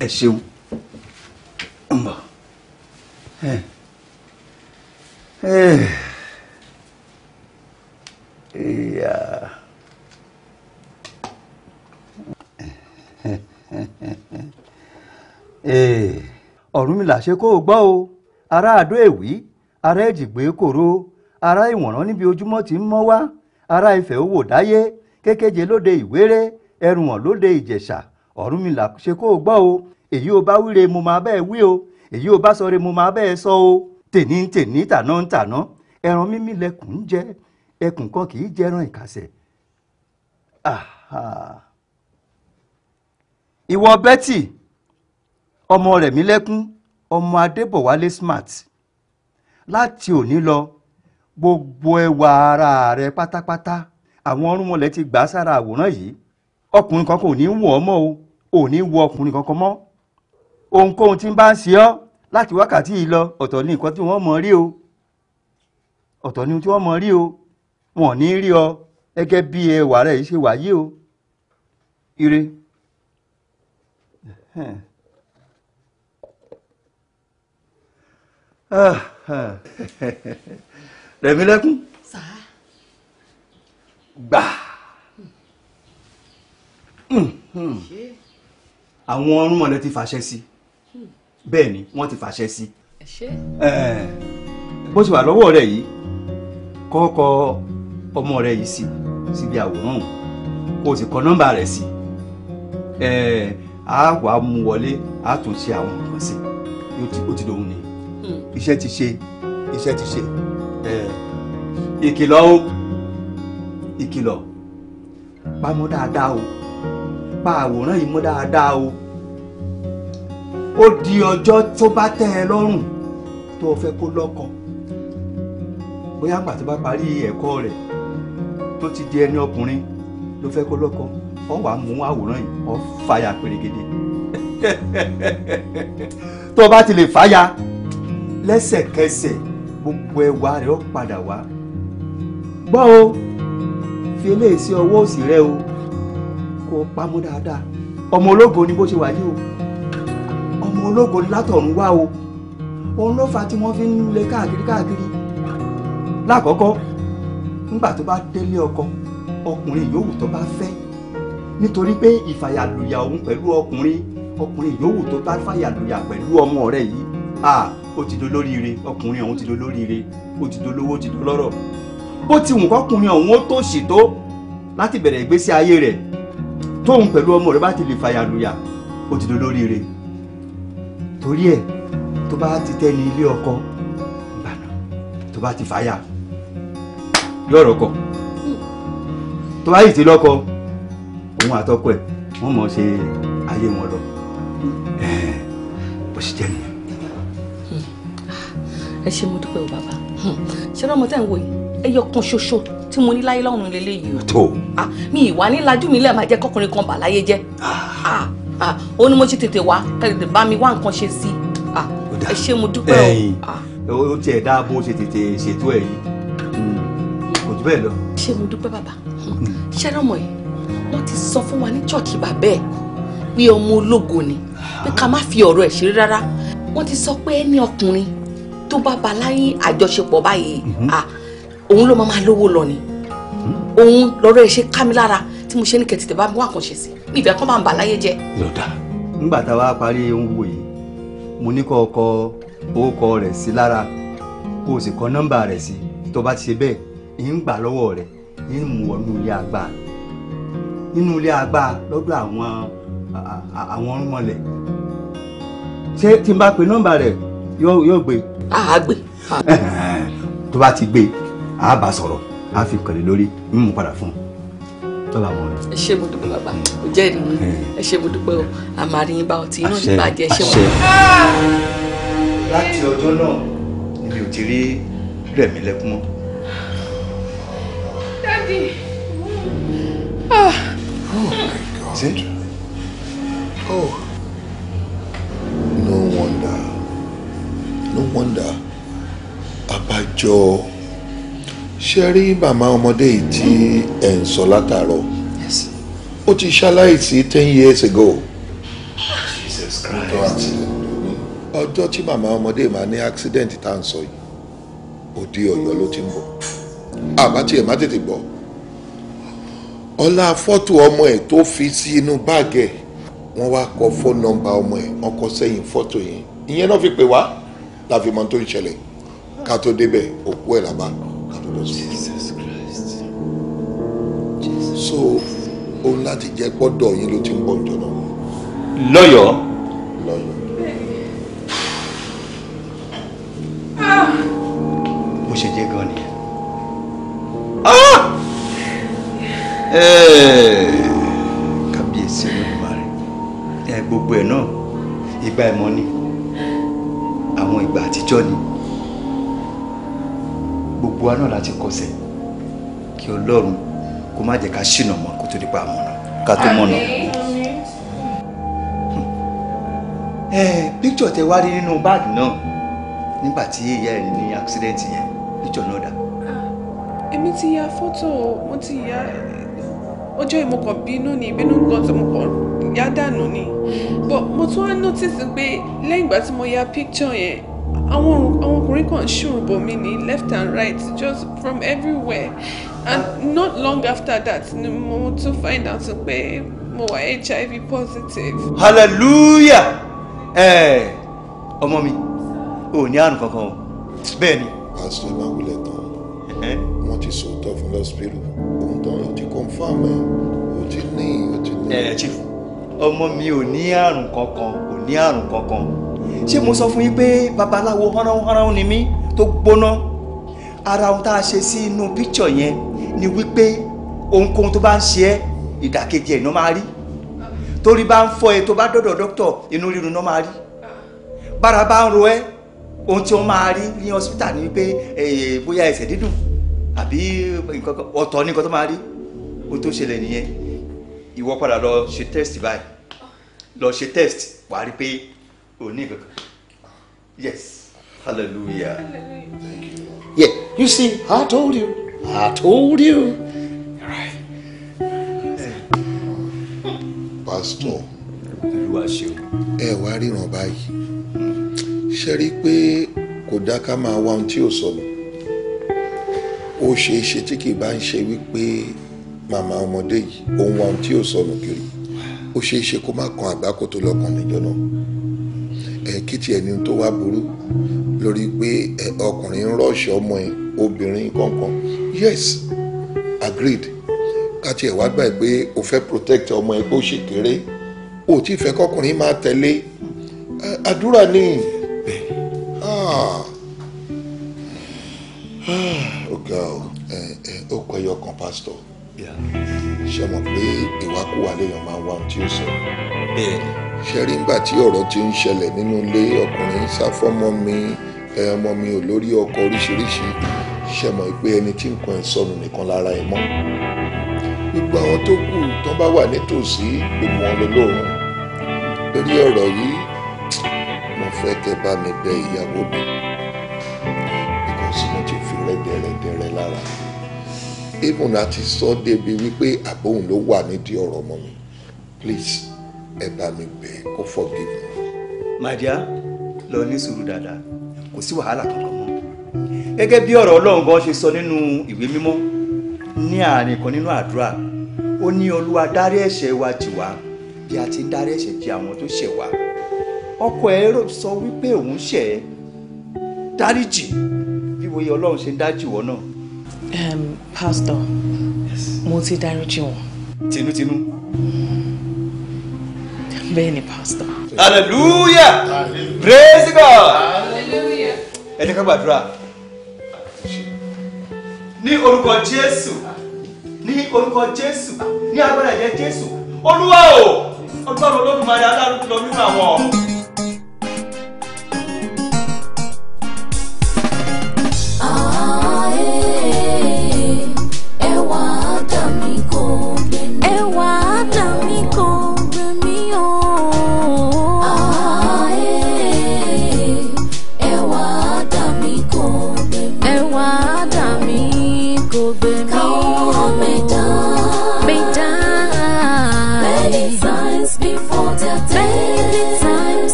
ẹ ṣeun mbọ ẹ ẹ ìyá. Eh. ọ̀rúnmìlà ṣe kó o gbọ́ o ará àdó èwí ará èjìgbé kòró ará ìwọ̀nrán níbi ojúmọ́ ti ń mọ́ wá ará ifẹ̀ owó dáyé kékeje lóde ìwéré ẹrùwọ̀n lóde ìjẹ̀ṣà ọ̀rúnmìlà ṣe kó o gbọ́ o èyí o bá wíre mo máa bẹ́ẹ̀ wí o èyí o bá sọre mo máa bẹ́ẹ̀ sọ o tèní tèní tàná tàná ẹran mímí lẹkùn ń jẹ ẹkùn kan kì í jẹran ìkàsẹ̀ ìwọ Betty ọmọ rẹ̀ mí lẹ́kún ọmọ adébọ̀wálé smart láti òní lọ gbogbo ẹwà ara rẹ pátápátá àwọn ọrùnmọlẹ̀ ti gbà sára àwòrán yìí ọkùnrin kankan ò ní wọ̀ ọ́ o ò ní wọ ọkùnrin kankan mọ́ ohunkóhun tí ń bá ń ṣe ọ́ láti wákàtí yìí lọ ọ̀tọ̀ ní nǹkan tí wọ́n mọ̀ rí o ọ̀tọ̀ ní tí wọ́n mọ̀ rí o wọn ò ní rí ọ gẹ́gẹ́ bí ẹwà rẹ yìí ṣe wà yìí o ire. rẹ̀mí lẹ́kún gbà àwọn ọrùn mọ̀lẹ́ ti fàṣẹ sí bẹ́ẹ̀ ni wọ́n ti fàṣẹ sí bó ti wà lọ́wọ́ rẹ̀ yìí kọ́kọ́ ọmọ rẹ̀ yìí sí síbi àwòrán kó o sì kọ nọ́mbà rẹ̀ sí a wàá mú wọlé a tún ṣe àwọn nǹkan sí i ó ti dòun nìyí. Hmm. iṣẹ́ ti ṣe iṣẹ́ ti ṣe ìkìlọ̀ o ìkìlọ̀ pamọ́ dáadáa o pa àwòrán yìí mọ́ dáadáa o ó di ọjọ́ tó bá tẹ́ ẹ lọ́rùn tó o fẹ́ kó lọ́kọ bóyá àgbà tó bá parí ẹ̀kọ́ rẹ̀ tó ti di ẹni ọkùnrin ló fẹ́ kó lọ́kọ ọ wàá mú àwòrán yìí ọ fàyà pèrègèdè tó o bá ti lè fàyà. lẹ́sẹ̀kẹsẹ̀ gbogbo ẹwà rẹ̀ padà wá gbọ́ o fi eléyìí ọwọ́ òsì rẹ o kó o pamọ́ dáadáa ọmọ ológo ni ọmọ ológo ni látọ̀run wá o fi ń le káàkiri káàkiri lákọ̀ọ́kọ́ nígbà tó bá délé ọkọ ọkùnrin yòówù tó bá fẹ́ nítorí pé ìfàyàlùyà òun pẹ̀lú ọkùnrin ọkùnrin yòówù tó bá fàyàlùyà ó ti dolóríire ọkùnrin ọ̀hún ti dolóríire ó ti dolówó ó ti dolọ́rọ̀ bó ti wù kọ́kùnrin ọ̀hún ó tó ṣètò láti bẹ̀rẹ̀ ìgbésí ayé rẹ̀ tóun pẹ̀lú ọmọ rẹ̀ bá ti lè fàyàlùyà ó ti dolóríire torí ẹ̀ tó bá ti tẹ́ni ilé ọkọ ìbànú tó bá ti fàyà yọ̀rọ̀ kọ̀ tó bá yìí ti lọ́kọ òun àtọkọ ẹ̀ wọ́n mọ̀ ṣe ayé wọn lọ bó ṣe jẹ́ nìyẹn ẹ ṣe mo dúpẹ́ o bàbá ṣé ọmọ tẹ́ ń wo yìí ẹyọ kan ṣoṣo tí mo ní láyé lọ́rùn lélẹ́yìí o. tó mi ìwà nílájú mi lẹ́ẹ̀ máa jẹ́ kọkùnrin kan bà láyé jẹ́ ah. ó ní mo ṣe tètè wá kẹlẹ̀dẹ̀ bá mi wá nǹkan ṣe sí ẹ ṣe mo dúpẹ́ o. ó tiẹ̀ dáa bó ṣe tètè ṣètò ẹ̀ yìí kò jù bẹ́ẹ̀ lọ. ṣé mo dúpẹ́ bàbá hmm. ṣé ọmọ yìí wọ́n ti sọ fún wa ní chọ́ọ̀kì bàbá ẹ̀ pé ọmọ ológo ni pé ká má fi ọ̀rọ̀ ẹ̀ ṣeré rárá wọ́n ti sọ pé ẹni ọkùnrin tó bá ba láyé àjọṣepọ̀ báyìí mhm. à òun ló máa lówó lọ ni mhm. òun lọ́rọ̀ ẹ̀ ṣe ká mi lára tí mo ṣe ní kẹ̀tìtẹ̀ bá mi wá sí mi ìfẹ́ kọ́ máa ń bà láyé jẹ́. nígbà tá a wá parí ohun wò yìí mo ní kọ́ ọkọ orúkọ rẹ̀ sí lára kó o sì kọ nọ́mbà rẹ̀ sí tó bá ti ṣe bẹ́ẹ̀ ń gbà lọ́wọ́ rẹ̀ ń mú ọ nínú ilé àgbà nínú ilé àgbà lọ́dọ̀ àwọn àwọn ọ̀rùnmọ̀lẹ̀ ṣé tí n bá pe nọ́mbà rẹ̀ yóò gbé a gbé. tó bá ti gbé a bá sọ̀rọ̀ a fi kọ̀lé lórí ń mú padà fún un tọ́lá mọ́ ẹ ṣé mo dúpẹ́ bàbá kò jẹ́ ìdùnnú ẹ ṣé mo dúpẹ́ o àmàrí yín bá ọtí inú ní bàjẹ́ ẹ ṣé mo dúpẹ́. láti ọjọ́ náà mi ò ti rí rẹ̀mí lẹ́kún mọ́. dádì. Ah. Oh my God. Is oh. it? Oh. No wonder no wonder abájọ ṣe rí màmá ọmọdé yìí tí ẹ̀ ń sọ látàárọ̀ ó ti ṣaláìsí ten years ago ọjọ́ tí màmá ọmọdé máa ní accident tá à ń sọ yìí òde ọ̀yọ́ ló ti ń bọ̀ àbá tiẹ̀ má tètè bọ̀ ọlá fọ́tò ọmọ ẹ̀ tó fi sí inú báàgì ẹ̀ wọ́n wá kọ fóònù nọ́mbà ọmọ ẹ̀ wọ́n kọ sẹ́yìn fọ́tò yẹn ìyẹn náà fi pè wá láfi mọ tó ń ṣẹlẹ̀ ká tó débẹ̀ òkú ẹ̀ làbá ká tó lọ sí. so ó láti jẹ́ gbọ́dọ̀ yín ló ti ń bọ̀ ìjọ náà. lọ́yọ̀ọ́. lọ́yọ̀ọ́. mo ṣe jẹ́ gan nìyẹn. Ah! kábíyèsí olódùmarè gbogbo ẹ̀ náà ìgbà ẹ̀mọ́ ni àwọn ìgbà àtijọ́ ni gbogbo wa náà láti kọsẹ̀ kí ọlọ́run kó má jẹ́ ká ṣìnà mọ́ kó tó di pa àmọ̀nà ká tó mọ̀nà. ẹ píkítọ̀ tẹ wá rí nínú báàgì náà nígbà tí ìyá ẹ̀ ní àksidẹ̀ntì yẹn píkítọ̀ náà dà. Ah, èmi ti ya fọ́tò mo ti ya ọjọ́ ìmọ̀kàn bínú ni ìbínú gan tó mọ̀kàn yá dànù ni but mo tún wá notice pé lẹ́yìn ìgbà tí mo ya picture yẹn àwọn àwọn ọkùnrin kan ṣùrù bò mí ní left and right just from everywhere and not long after that ni mo tún find out pé mo wà HIV positive. hallelujah ẹ ọmọ mi ò ní àrùn kankan o bẹ́ẹ̀ ni. pásítọ̀ ìbáwulẹ̀ tán wọ́n ti sòótọ́ fún lọ́sibírù ohun tó ń ti confam ẹ̀ ó ti ní ó ti ní. ẹ chief ọmọ mi ò ní àrùn kankan kò ní àrùn kankan ṣé mo sọ fún yín pé babaláwo hánránhánrán ni mí tó gbóná ara ohun tá a ṣe sí inú píkṣọ̀ yẹn ni wípé ohunkóhun tó bá ń ṣe ẹ́ ìdàkejì ẹ̀ ló máa rí torí bá ń fọ ẹ tó bá dọ̀dọ̀ dókítọ̀ inú rírun ló máa rí bára bá ń ro ẹ́ ohun tí wọ́n máa rí ní hospital ni wípé eh, bóyá ẹsẹ̀ dídùn àbí ọ̀tọ̀ ní nǹkan tó máa rí ohun tó ṣẹlẹ̀ nìyẹn ìwọ padà lọ ṣe test báyìí lọ ṣe test wàá rí pé o ní kankan yes hallelujah thank you yeah you see i told you i told you right. pastor ẹ wá ríran báyìí ṣe rí i pé kò dá ká máa wá ohun tí ò sọnù ó ṣeé ṣe tí kì í bá ń ṣe wípé màmá ọmọdé yìí ohun àwọn tí ò sọnù kiri ó ṣeé ṣe kó má kan àgbákò tó lọ́kàn níjọ́ náà ẹ̀ẹ́kìtì ẹni tó wá burú lórí pé ọkùnrin ń rọ́ọ̀ṣì ọmọ ẹ̀ obìnrin kankan yes agreed káti ẹ̀ wá gbà ẹ̀ pé o fẹ́ protect ọmọ ẹ̀ bó ṣe kéré o ti fẹ́ kọkùnrin máa tẹ̀lé àdúrà ni ah. Ah, ó ga ọ ó kọ ẹyọ kan pásítọ̀ ṣe mọ̀ pé ìwákùwà lèèyàn máa ń wá ohun tí ó sọ. ṣe rí ngbà tí ọ̀rọ̀ ti ń ṣẹlẹ̀ nínú ilé ọkùnrin sáfọ́mọ́ mi ọmọ mi ò lórí ọkọ̀ oríṣiríṣi ṣe mọ̀ pé ẹni tí nǹkan ẹ̀ sọnù nìkan lára ẹ̀ mọ́. gbogbo àwọn tó kù tó bá wà nítòsí gbogbo wọn lọ́lọ́run lórí ọ̀rọ̀ yìí mo fẹ́ kẹ́ bá mi bẹ ìyàwó mi because mo ti fi rẹ́dẹ̀rẹ́dẹ̀rẹ́ lára even àti sọ débi wípé àbóhùn ló wà nídìí ọ̀rọ̀ ọmọ mi please ẹ bá mi bẹ̀ ẹ́ kó forgive me. my dear lọ ní sùúrù dáadáa kò sí wàhálà kankan mọ́ gẹ́gẹ́ bí ọ̀rọ̀ ọlọ́run gan ṣe sọ nínú ìwé mímọ́ ní àárín kan nínú àdúrà ó ní olúwa dárí ẹ̀ṣẹ̀ wa jì wá bí a ti dárí ẹ̀ṣẹ̀ jì àwọn tó ṣẹ̀ wá ọkọ ẹ sọ wípé òun ṣẹ̀ dáríjì bí wòye ọlọ́run ṣe ń dájì wọ́ náà Um, pastor, yes. mo ti dáríjì wọn. Tinútinú. Bẹ́ẹ̀ ni pastor. Hallelujah! Praise God! Hallelujah! Ẹ jẹ́ ká gbàdúrà. Ní orúkọ Jésù, ní orúkọ Jésù, ní agbára ẹ̀jẹ̀ Jésù, Olúwa o, Olúwa Olódùmarè aláàrúkú lọ nínú àwọn ọ̀run.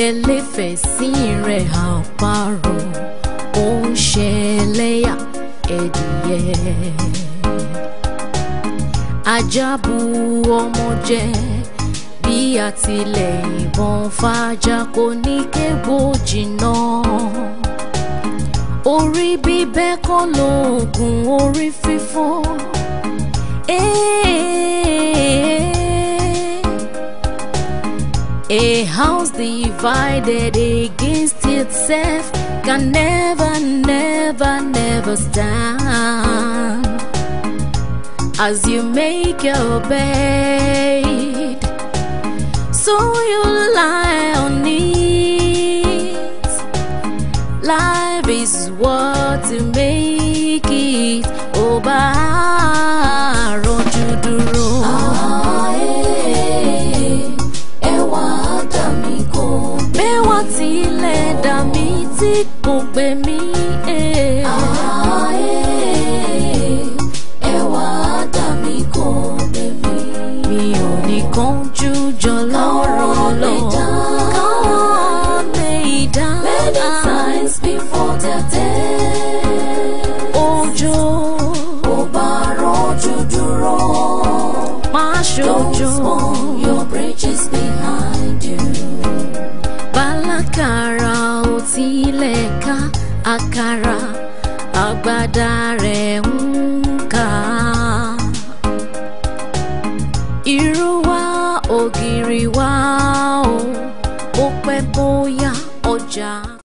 ayẹyẹlé fèsì rẹ̀ àparò ó ń ṣẹlẹ́yà ẹ̀dìyẹ. ajábu ọmọ jẹ bí àtìlẹ̀ ìbọn fàájà kò ní kébò jìnnà orí bíbẹ́ kọ́ lóògùn orí fífọ́. Hey. A house divided against itself can never, never, never stand. As you make your bed, so you lie on it. Life is what to make it. over. ọ̀dà mi tí kò gbé mi. Eh. Ah, eh. agbádá rẹ̀ wọ́n.